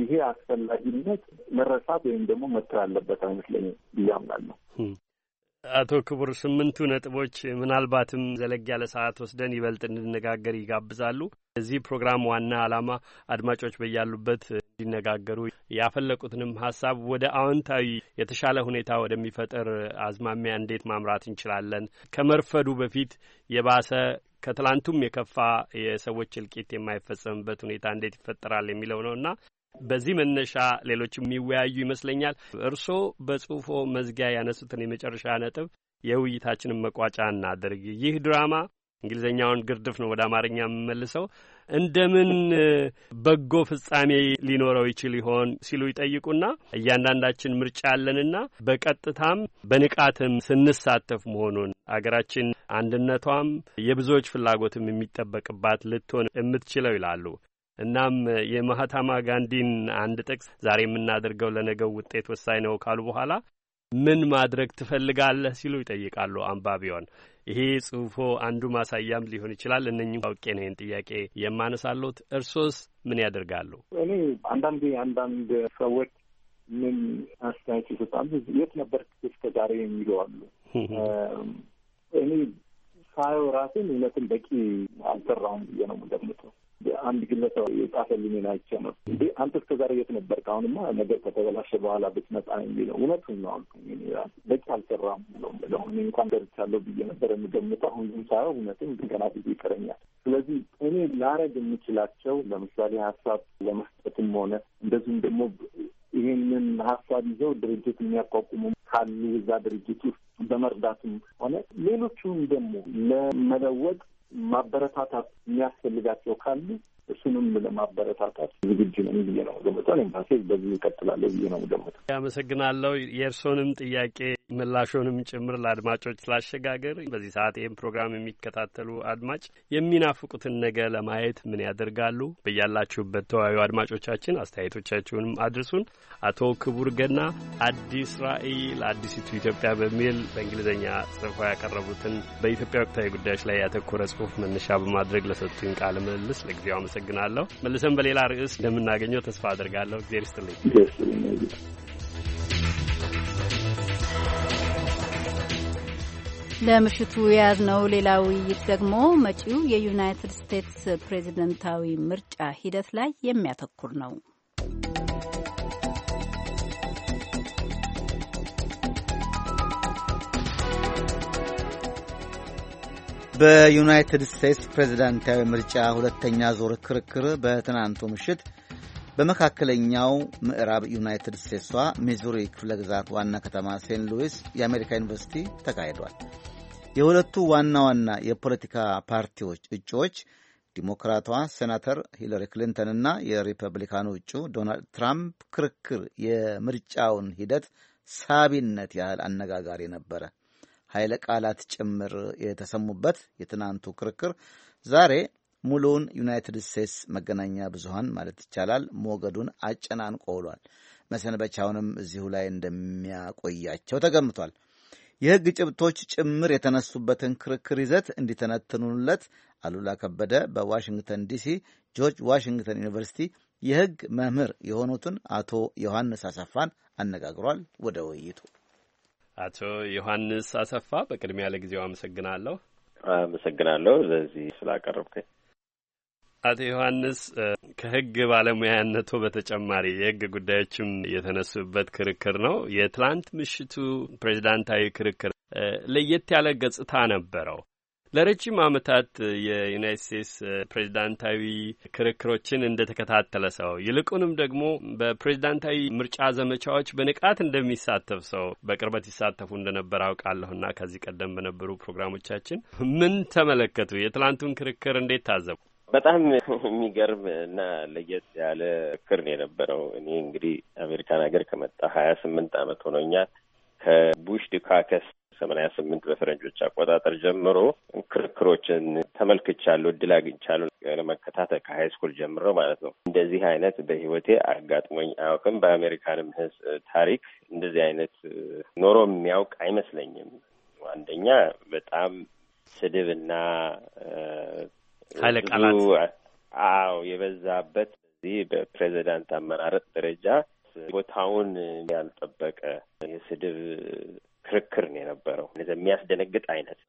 ይሄ አስፈላጊነት መረሳት ወይም ደግሞ መተላለበት አይመስለኝም ብዬ አምናለሁ። አቶ ክቡር ስምንቱ ነጥቦች ምናልባትም ዘለግ ያለ ሰዓት ወስደን ይበልጥ እንድነጋገር ይጋብዛሉ። የዚህ ፕሮግራም ዋና ዓላማ አድማጮች በያሉበት እንዲነጋገሩ ያፈለቁትንም ሀሳብ ወደ አዎንታዊ የተሻለ ሁኔታ ወደሚፈጥር አዝማሚያ እንዴት ማምራት እንችላለን ከመርፈዱ በፊት የባሰ ከትላንቱም የከፋ የሰዎች እልቂት የማይፈጸምበት ሁኔታ እንዴት ይፈጠራል የሚለው ነውና በዚህ መነሻ ሌሎች የሚወያዩ ይመስለኛል። እርስዎ በጽሁፎ መዝጊያ ያነሱትን የመጨረሻ ነጥብ የውይይታችንን መቋጫ እናደርግ ይህ ድራማ እንግሊዝኛውን ግርድፍ ነው ወደ አማርኛ የምመልሰው። እንደምን በጎ ፍጻሜ ሊኖረው ይችል ይሆን ሲሉ ይጠይቁና እያንዳንዳችን ምርጫ ያለንና በቀጥታም በንቃትም ስንሳተፍ መሆኑን አገራችን አንድነቷም የብዙዎች ፍላጎትም የሚጠበቅባት ልትሆን የምትችለው ይላሉ። እናም የማህታማ ጋንዲን አንድ ጥቅስ ዛሬ የምናደርገው ለነገው ውጤት ወሳኝ ነው ካሉ በኋላ ምን ማድረግ ትፈልጋለህ ሲሉ ይጠይቃሉ አንባቢዋን። ይሄ ጽሁፎ አንዱ ማሳያም ሊሆን ይችላል። እነኝም አውቄ ነው ይህን ጥያቄ የማነሳለት። እርሶስ ምን ያደርጋሉ? እኔ አንዳንድ አንዳንድ ሰዎች ምን አስተያየት ይሰጣሉ፣ የት ነበር እስከ ዛሬ የሚሉ አሉ። እኔ ሳየው ራሴን እውነትን በቂ አልሰራውም ብዬ ነው የምገምተው አንድ ግለሰብ የጻፈልኝ ናቸው ነው እንዴ አንተ እስከ ዛሬ የት ነበር? አሁንማ ነገር ከተበላሸ በኋላ ብትመጣ የሚለው እውነቱን ነው። በቂ አልሰራም ብለው እኔ እንኳን ደርቻለሁ ብዬ ነበር የምገምተው። አሁንም ሳየው እውነትም ገና ብዙ ይቀረኛል። ስለዚህ እኔ ላረግ የምችላቸው ለምሳሌ ሀሳብ ለመስጠትም ሆነ እንደዚሁም ደግሞ ይህንን ሀሳብ ይዘው ድርጅት የሚያቋቁሙ ካሉ እዛ ድርጅት ውስጥ በመርዳትም ሆነ ሌሎቹም ደግሞ ለመለወጥ ማበረታታት የሚያስፈልጋቸው ካሉ እሱንም ለማበረታታት ዝግጁ ነው ብዬ ነው ገመጠ። በዚህ ይቀጥላለሁ ብዬ ነው ገመጠ። አመሰግናለሁ። የእርስዎንም ጥያቄ ምላሾንም ጭምር ለአድማጮች ስላሸጋገር በዚህ ሰዓት ይህም ፕሮግራም የሚከታተሉ አድማጭ የሚናፍቁትን ነገ ለማየት ምን ያደርጋሉ? በያላችሁበት ተወያዩ አድማጮቻችን አስተያየቶቻችሁንም አድርሱን። አቶ ክቡር ገና አዲስ ራዕይ ለአዲሲቱ ኢትዮጵያ በሚል በእንግሊዝኛ ጽፎ ያቀረቡትን በኢትዮጵያ ወቅታዊ ጉዳዮች ላይ ያተኮረ ጽሁፍ መነሻ በማድረግ ለሰጡኝ ቃለ ምልልስ ለጊዜው አመሰግናለሁ። መልሰን በሌላ ርዕስ እንደምናገኘው ተስፋ አድርጋለሁ። እግዜር ይስጥልኝ። ለምሽቱ የያዝነው ሌላ ውይይት ደግሞ መጪው የዩናይትድ ስቴትስ ፕሬዝደንታዊ ምርጫ ሂደት ላይ የሚያተኩር ነው። በዩናይትድ ስቴትስ ፕሬዝዳንታዊ ምርጫ ሁለተኛ ዙር ክርክር በትናንቱ ምሽት በመካከለኛው ምዕራብ ዩናይትድ ስቴትሷ ሚዙሪ ክፍለ ግዛት ዋና ከተማ ሴንት ሉዊስ የአሜሪካ ዩኒቨርሲቲ ተካሂዷል። የሁለቱ ዋና ዋና የፖለቲካ ፓርቲዎች እጩዎች ዲሞክራቷ ሴናተር ሂለሪ ክሊንተንና የሪፐብሊካኑ እጩ ዶናልድ ትራምፕ ክርክር የምርጫውን ሂደት ሳቢነት ያህል አነጋጋሪ ነበረ። ኃይለ ቃላት ጭምር የተሰሙበት የትናንቱ ክርክር ዛሬ ሙሉውን ዩናይትድ ስቴትስ መገናኛ ብዙሃን ማለት ይቻላል ሞገዱን አጨናንቆ ውሏል። መሰንበቻውንም እዚሁ ላይ እንደሚያቆያቸው ተገምቷል። የሕግ ጭብቶች ጭምር የተነሱበትን ክርክር ይዘት እንዲተነትኑለት አሉላ ከበደ በዋሽንግተን ዲሲ ጆርጅ ዋሽንግተን ዩኒቨርሲቲ የሕግ መምህር የሆኑትን አቶ ዮሐንስ አሰፋን አነጋግሯል። ወደ ውይይቱ አቶ ዮሐንስ አሰፋ፣ በቅድሚያ ለጊዜው አመሰግናለሁ። አመሰግናለሁ ለዚህ ስላቀረብከኝ። አቶ ዮሐንስ ከህግ ባለሙያነቶ በተጨማሪ የህግ ጉዳዮችም የተነሱበት ክርክር ነው። የትላንት ምሽቱ ፕሬዚዳንታዊ ክርክር ለየት ያለ ገጽታ ነበረው። ለረጅም ዓመታት የዩናይት ስቴትስ ፕሬዚዳንታዊ ክርክሮችን እንደተከታተለ ሰው ይልቁንም ደግሞ በፕሬዚዳንታዊ ምርጫ ዘመቻዎች በንቃት እንደሚሳተፍ ሰው በቅርበት ይሳተፉ እንደነበር አውቃለሁና ከዚህ ቀደም በነበሩ ፕሮግራሞቻችን ምን ተመለከቱ? የትላንቱን ክርክር እንዴት ታዘቡ? በጣም የሚገርም እና ለየት ያለ ክር ነው የነበረው። እኔ እንግዲህ አሜሪካን ሀገር ከመጣ ሀያ ስምንት አመት ሆኖኛል። ከቡሽ ዲካከስ ሰማንያ ስምንት በፈረንጆች አቆጣጠር ጀምሮ ክርክሮችን ተመልክቻለሁ፣ እድል አግኝቻለሁ ለመከታተል ከሀይ ስኩል ጀምሮ ማለት ነው። እንደዚህ አይነት በህይወቴ አጋጥሞኝ አያውቅም። በአሜሪካንም ህዝብ ታሪክ እንደዚህ አይነት ኖሮ የሚያውቅ አይመስለኝም። አንደኛ በጣም ስድብና ኃይለ ቃላት አዎ የበዛበት እዚህ በፕሬዚዳንት አመራረጥ ደረጃ ቦታውን ያልጠበቀ የስድብ ክርክር ነው የነበረው። የሚያስደነግጥ አይነት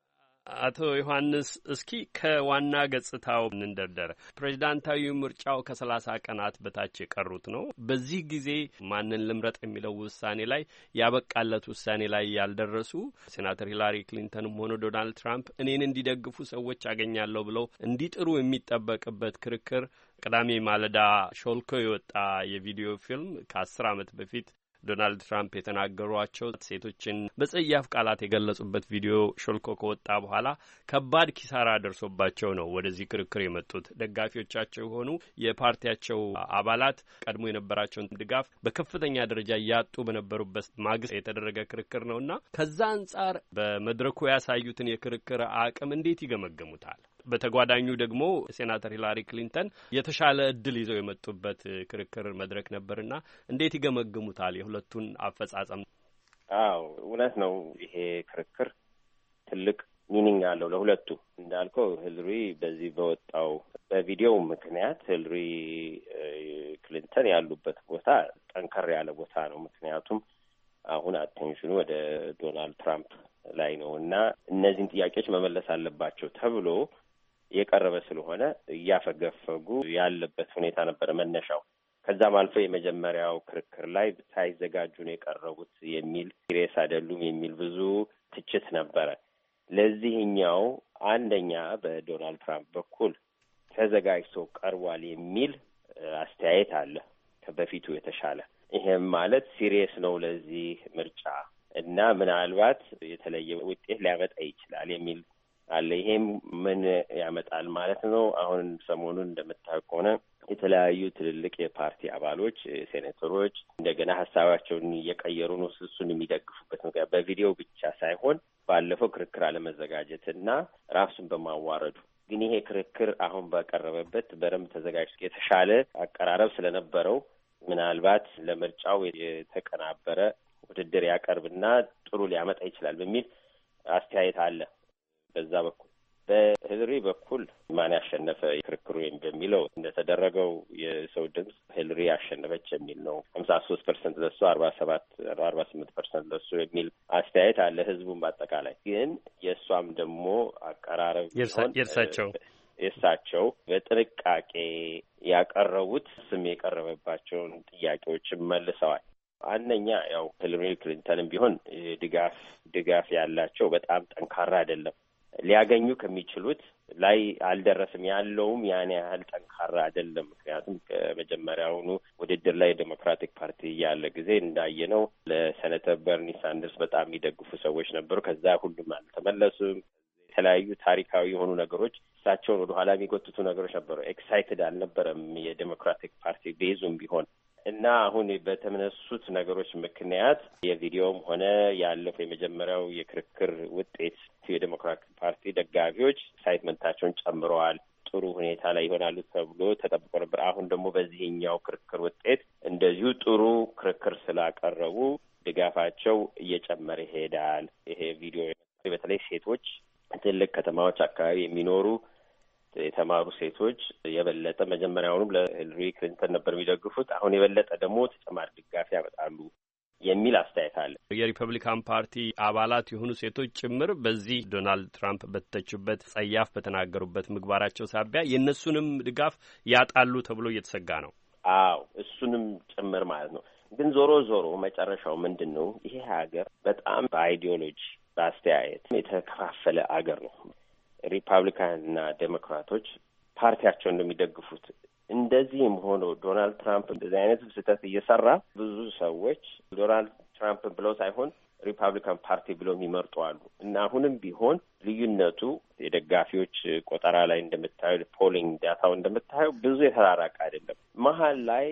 አቶ ዮሐንስ እስኪ ከዋና ገጽታው እንደርደር። ፕሬዚዳንታዊ ምርጫው ከሰላሳ ቀናት በታች የቀሩት ነው። በዚህ ጊዜ ማንን ልምረጥ የሚለው ውሳኔ ላይ ያበቃለት ውሳኔ ላይ ያልደረሱ ሴናተር ሂላሪ ክሊንተንም ሆነ ዶናልድ ትራምፕ እኔን እንዲደግፉ ሰዎች አገኛለሁ ብለው እንዲጥሩ የሚጠበቅበት ክርክር ቅዳሜ ማለዳ ሾልኮ የወጣ የቪዲዮ ፊልም ከአስር ዓመት በፊት ዶናልድ ትራምፕ የተናገሯቸው ሴቶችን በጸያፍ ቃላት የገለጹበት ቪዲዮ ሾልኮ ከወጣ በኋላ ከባድ ኪሳራ ደርሶባቸው ነው ወደዚህ ክርክር የመጡት። ደጋፊዎቻቸው የሆኑ የፓርቲያቸው አባላት ቀድሞ የነበራቸውን ድጋፍ በከፍተኛ ደረጃ እያጡ በነበሩበት ማግስት የተደረገ ክርክር ነውና ከዛ አንጻር በመድረኩ ያሳዩትን የክርክር አቅም እንዴት ይገመገሙታል? በተጓዳኙ ደግሞ ሴናተር ሂላሪ ክሊንተን የተሻለ እድል ይዘው የመጡበት ክርክር መድረክ ነበርና እንዴት ይገመግሙታል የሁለቱን አፈጻጸም? አዎ እውነት ነው። ይሄ ክርክር ትልቅ ሚኒንግ አለው ለሁለቱ። እንዳልከው ሂልሪ በዚህ በወጣው በቪዲዮው ምክንያት ሂልሪ ክሊንተን ያሉበት ቦታ ጠንከር ያለ ቦታ ነው። ምክንያቱም አሁን አቴንሽኑ ወደ ዶናልድ ትራምፕ ላይ ነው እና እነዚህን ጥያቄዎች መመለስ አለባቸው ተብሎ የቀረበ ስለሆነ እያፈገፈጉ ያለበት ሁኔታ ነበረ መነሻው። ከዛም አልፎ የመጀመሪያው ክርክር ላይ ሳይዘጋጁ ነው የቀረቡት የሚል ሬስ አይደሉም የሚል ብዙ ትችት ነበረ። ለዚህኛው አንደኛ በዶናልድ ትራምፕ በኩል ተዘጋጅቶ ቀርቧል የሚል አስተያየት አለ ከበፊቱ የተሻለ። ይህም ማለት ሲሪየስ ነው ለዚህ ምርጫ እና ምናልባት የተለየ ውጤት ሊያመጣ ይችላል የሚል አለ። ይሄም ምን ያመጣል ማለት ነው? አሁን ሰሞኑን እንደምታውቅ ከሆነ የተለያዩ ትልልቅ የፓርቲ አባሎች፣ ሴኔተሮች እንደገና ሀሳባቸውን እየቀየሩ ነው። እሱን የሚደግፉበት ምክንያት በቪዲዮ ብቻ ሳይሆን ባለፈው ክርክር አለመዘጋጀት እና ራሱን በማዋረዱ ግን ይሄ ክርክር አሁን በቀረበበት በደንብ ተዘጋጅቶ የተሻለ አቀራረብ ስለነበረው ምናልባት ለምርጫው የተቀናበረ ውድድር ያቀርብና ጥሩ ሊያመጣ ይችላል በሚል አስተያየት አለ። በዛ በኩል በሂልሪ በኩል ማን ያሸነፈ ክርክሩ በሚለው እንደተደረገው የሰው ድምፅ ሂልሪ ያሸነፈች የሚል ነው። ሀምሳ ሶስት ፐርሰንት ለሱ አርባ ሰባት አርባ ስምንት ፐርሰንት ለሱ የሚል አስተያየት አለ። ህዝቡም በአጠቃላይ ግን የእሷም ደግሞ አቀራረብ የእርሳቸው የእሳቸው በጥንቃቄ ያቀረቡት ስም የቀረበባቸውን ጥያቄዎችን መልሰዋል። አንደኛ ያው ሂለሪ ክሊንተንም ቢሆን ድጋፍ ድጋፍ ያላቸው በጣም ጠንካራ አይደለም ሊያገኙ ከሚችሉት ላይ አልደረስም። ያለውም ያን ያህል ጠንካራ አይደለም። ምክንያቱም ከመጀመሪያውኑ ውድድር ላይ ዴሞክራቲክ ፓርቲ ያለ ጊዜ እንዳየነው ለሴኔተር በርኒ ሳንደርስ በጣም የሚደግፉ ሰዎች ነበሩ። ከዛ ሁሉም አልተመለሱም። የተለያዩ ታሪካዊ የሆኑ ነገሮች እሳቸውን ወደኋላ የሚጎትቱ ነገሮች ነበሩ። ኤክሳይትድ አልነበረም የዴሞክራቲክ ፓርቲ ቤዙም ቢሆን እና አሁን በተነሱት ነገሮች ምክንያት የቪዲዮም ሆነ ያለፈው የመጀመሪያው የክርክር ውጤት የዴሞክራቲክ ፓርቲ ደጋፊዎች ኤክሳይትመንታቸውን ጨምረዋል። ጥሩ ሁኔታ ላይ ይሆናሉ ተብሎ ተጠብቆ ነበር። አሁን ደግሞ በዚህኛው ክርክር ውጤት እንደዚሁ ጥሩ ክርክር ስላቀረቡ ድጋፋቸው እየጨመረ ይሄዳል። ይሄ ቪዲዮ በተለይ ሴቶች ትልቅ ከተማዎች አካባቢ የሚኖሩ የተማሩ ሴቶች የበለጠ መጀመሪያውኑም ለሂለሪ ክሊንተን ነበር የሚደግፉት። አሁን የበለጠ ደግሞ ተጨማሪ ድጋፍ ያመጣሉ የሚል አስተያየት አለ። የሪፐብሊካን ፓርቲ አባላት የሆኑ ሴቶች ጭምር በዚህ ዶናልድ ትራምፕ በተተቹበት ጸያፍ በተናገሩበት ምግባራቸው ሳቢያ የእነሱንም ድጋፍ ያጣሉ ተብሎ እየተሰጋ ነው። አዎ እሱንም ጭምር ማለት ነው። ግን ዞሮ ዞሮ መጨረሻው ምንድን ነው? ይሄ ሀገር በጣም በአይዲዮሎጂ በአስተያየት የተከፋፈለ አገር ነው። ሪፐብሊካንና ዴሞክራቶች ፓርቲያቸው እንደሚደግፉት እንደዚህም ሆኖ ዶናልድ ትራምፕ እንደዚህ አይነት ስህተት እየሰራ ብዙ ሰዎች ዶናልድ ትራምፕ ብለው ሳይሆን ሪፐብሊካን ፓርቲ ብለው የሚመርጡ አሉ እና አሁንም ቢሆን ልዩነቱ የደጋፊዎች ቆጠራ ላይ እንደምታየው ፖሊንግ ዳታው እንደምታየው ብዙ የተራራቀ አይደለም። መሀል ላይ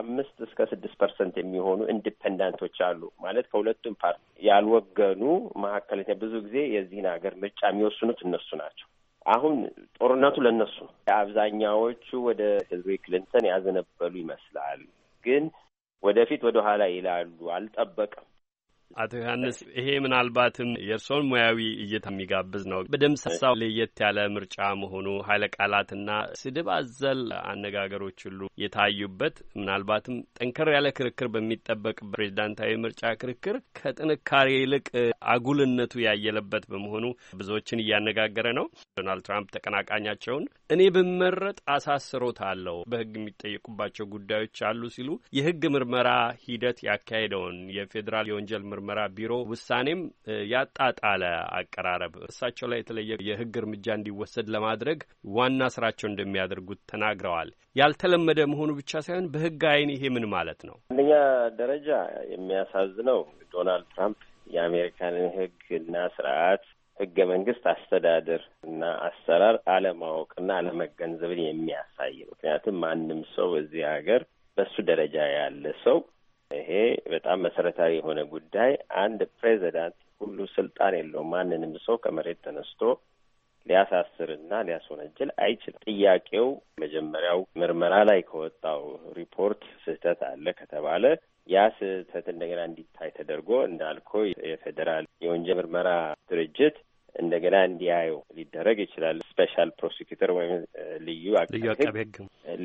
አምስት እስከ ስድስት ፐርሰንት የሚሆኑ ኢንዲፐንዳንቶች አሉ ማለት ከሁለቱም ፓርቲ ያልወገኑ መካከለኛ። ብዙ ጊዜ የዚህን ሀገር ምርጫ የሚወስኑት እነሱ ናቸው። አሁን ጦርነቱ ለእነሱ ነው። አብዛኛዎቹ ወደ ሂላሪ ክሊንተን ያዘነበሉ ይመስላል፣ ግን ወደፊት ወደ ኋላ ይላሉ። አልጠበቅም አቶ ዮሐንስ ይሄ ምናልባትም የእርስዎን ሙያዊ እይታ የሚጋብዝ ነው። በደምሳሳው ለየት ያለ ምርጫ መሆኑ ኃይለ ቃላትና ስድብ አዘል አነጋገሮች ሁሉ የታዩበት ምናልባትም ጠንከር ያለ ክርክር በሚጠበቅበት ፕሬዚዳንታዊ ምርጫ ክርክር ከጥንካሬ ይልቅ አጉልነቱ ያየለበት በመሆኑ ብዙዎችን እያነጋገረ ነው። ዶናልድ ትራምፕ ተቀናቃኛቸውን እኔ ብመረጥ አለው በህግ የሚጠየቁባቸው ጉዳዮች አሉ ሲሉ የህግ ምርመራ ሂደት ያካሄደውን የፌዴራል የወንጀል ምርመራ ምርመራ ቢሮ ውሳኔም ያጣጣለ አቀራረብ እሳቸው ላይ የተለየ የህግ እርምጃ እንዲወሰድ ለማድረግ ዋና ስራቸው እንደሚያደርጉት ተናግረዋል። ያልተለመደ መሆኑ ብቻ ሳይሆን በህግ አይን ይሄ ምን ማለት ነው? አንደኛ ደረጃ የሚያሳዝነው ዶናልድ ትራምፕ የአሜሪካንን ህግ እና ስርዓት ህገ መንግስት አስተዳደር እና አሰራር አለማወቅና አለመገንዘብን የሚያሳይ ምክንያቱም ማንም ሰው እዚህ ሀገር በሱ ደረጃ ያለ ሰው ይሄ በጣም መሰረታዊ የሆነ ጉዳይ። አንድ ፕሬዚዳንት ሁሉ ስልጣን የለውም። ማንንም ሰው ከመሬት ተነስቶ ሊያሳስርና ሊያስወነጅል አይችልም። ጥያቄው መጀመሪያው ምርመራ ላይ ከወጣው ሪፖርት ስህተት አለ ከተባለ ያ ስህተት እንደገና እንዲታይ ተደርጎ እንዳልኮ የፌዴራል የወንጀል ምርመራ ድርጅት እንደገና እንዲያዩ ሊደረግ ይችላል። ስፔሻል ፕሮሲኪተር ወይም ልዩ አቃቤ ሕግ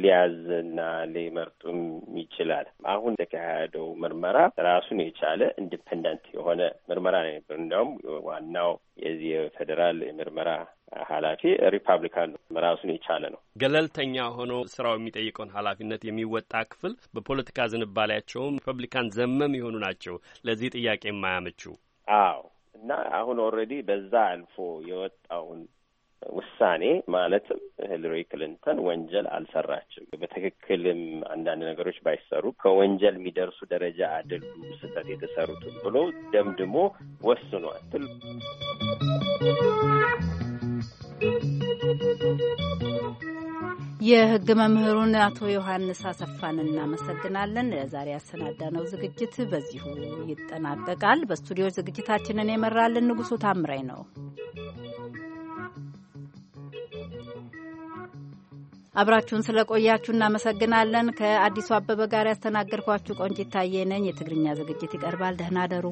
ሊያዝና ሊመርጡም ይችላል። አሁን የተካሄደው ምርመራ ራሱን የቻለ ኢንዲፐንደንት የሆነ ምርመራ ነው የነበረው። እንዲያውም ዋናው የዚህ የፌዴራል የምርመራ ኃላፊ ሪፐብሊካን ነው። ራሱን የቻለ ነው። ገለልተኛ ሆኖ ስራው የሚጠይቀውን ኃላፊነት የሚወጣ ክፍል በፖለቲካ ዝንባሌያቸውም ሪፐብሊካን ዘመም የሆኑ ናቸው። ለዚህ ጥያቄ የማያመችው አዎ እና አሁን ኦልሬዲ በዛ አልፎ የወጣውን ውሳኔ ማለትም ሂለሪ ክሊንተን ወንጀል አልሰራችም፣ በትክክልም አንዳንድ ነገሮች ባይሰሩ ከወንጀል የሚደርሱ ደረጃ አይደሉ ስህተት የተሰሩትን ብሎ ደምድሞ ወስኗል። የህግ መምህሩን አቶ ዮሐንስ አሰፋን እናመሰግናለን። ለዛሬ ያሰናዳነው ዝግጅት በዚሁ ይጠናቀቃል። በስቱዲዮች ዝግጅታችንን የመራልን ንጉሱ ታምሬ ነው። አብራችሁን ስለቆያችሁ እናመሰግናለን። ከአዲሱ አበበ ጋር ያስተናገድኳችሁ ቆንጂት ታዬ ነኝ። የትግርኛ ዝግጅት ይቀርባል። ደህና ደሩ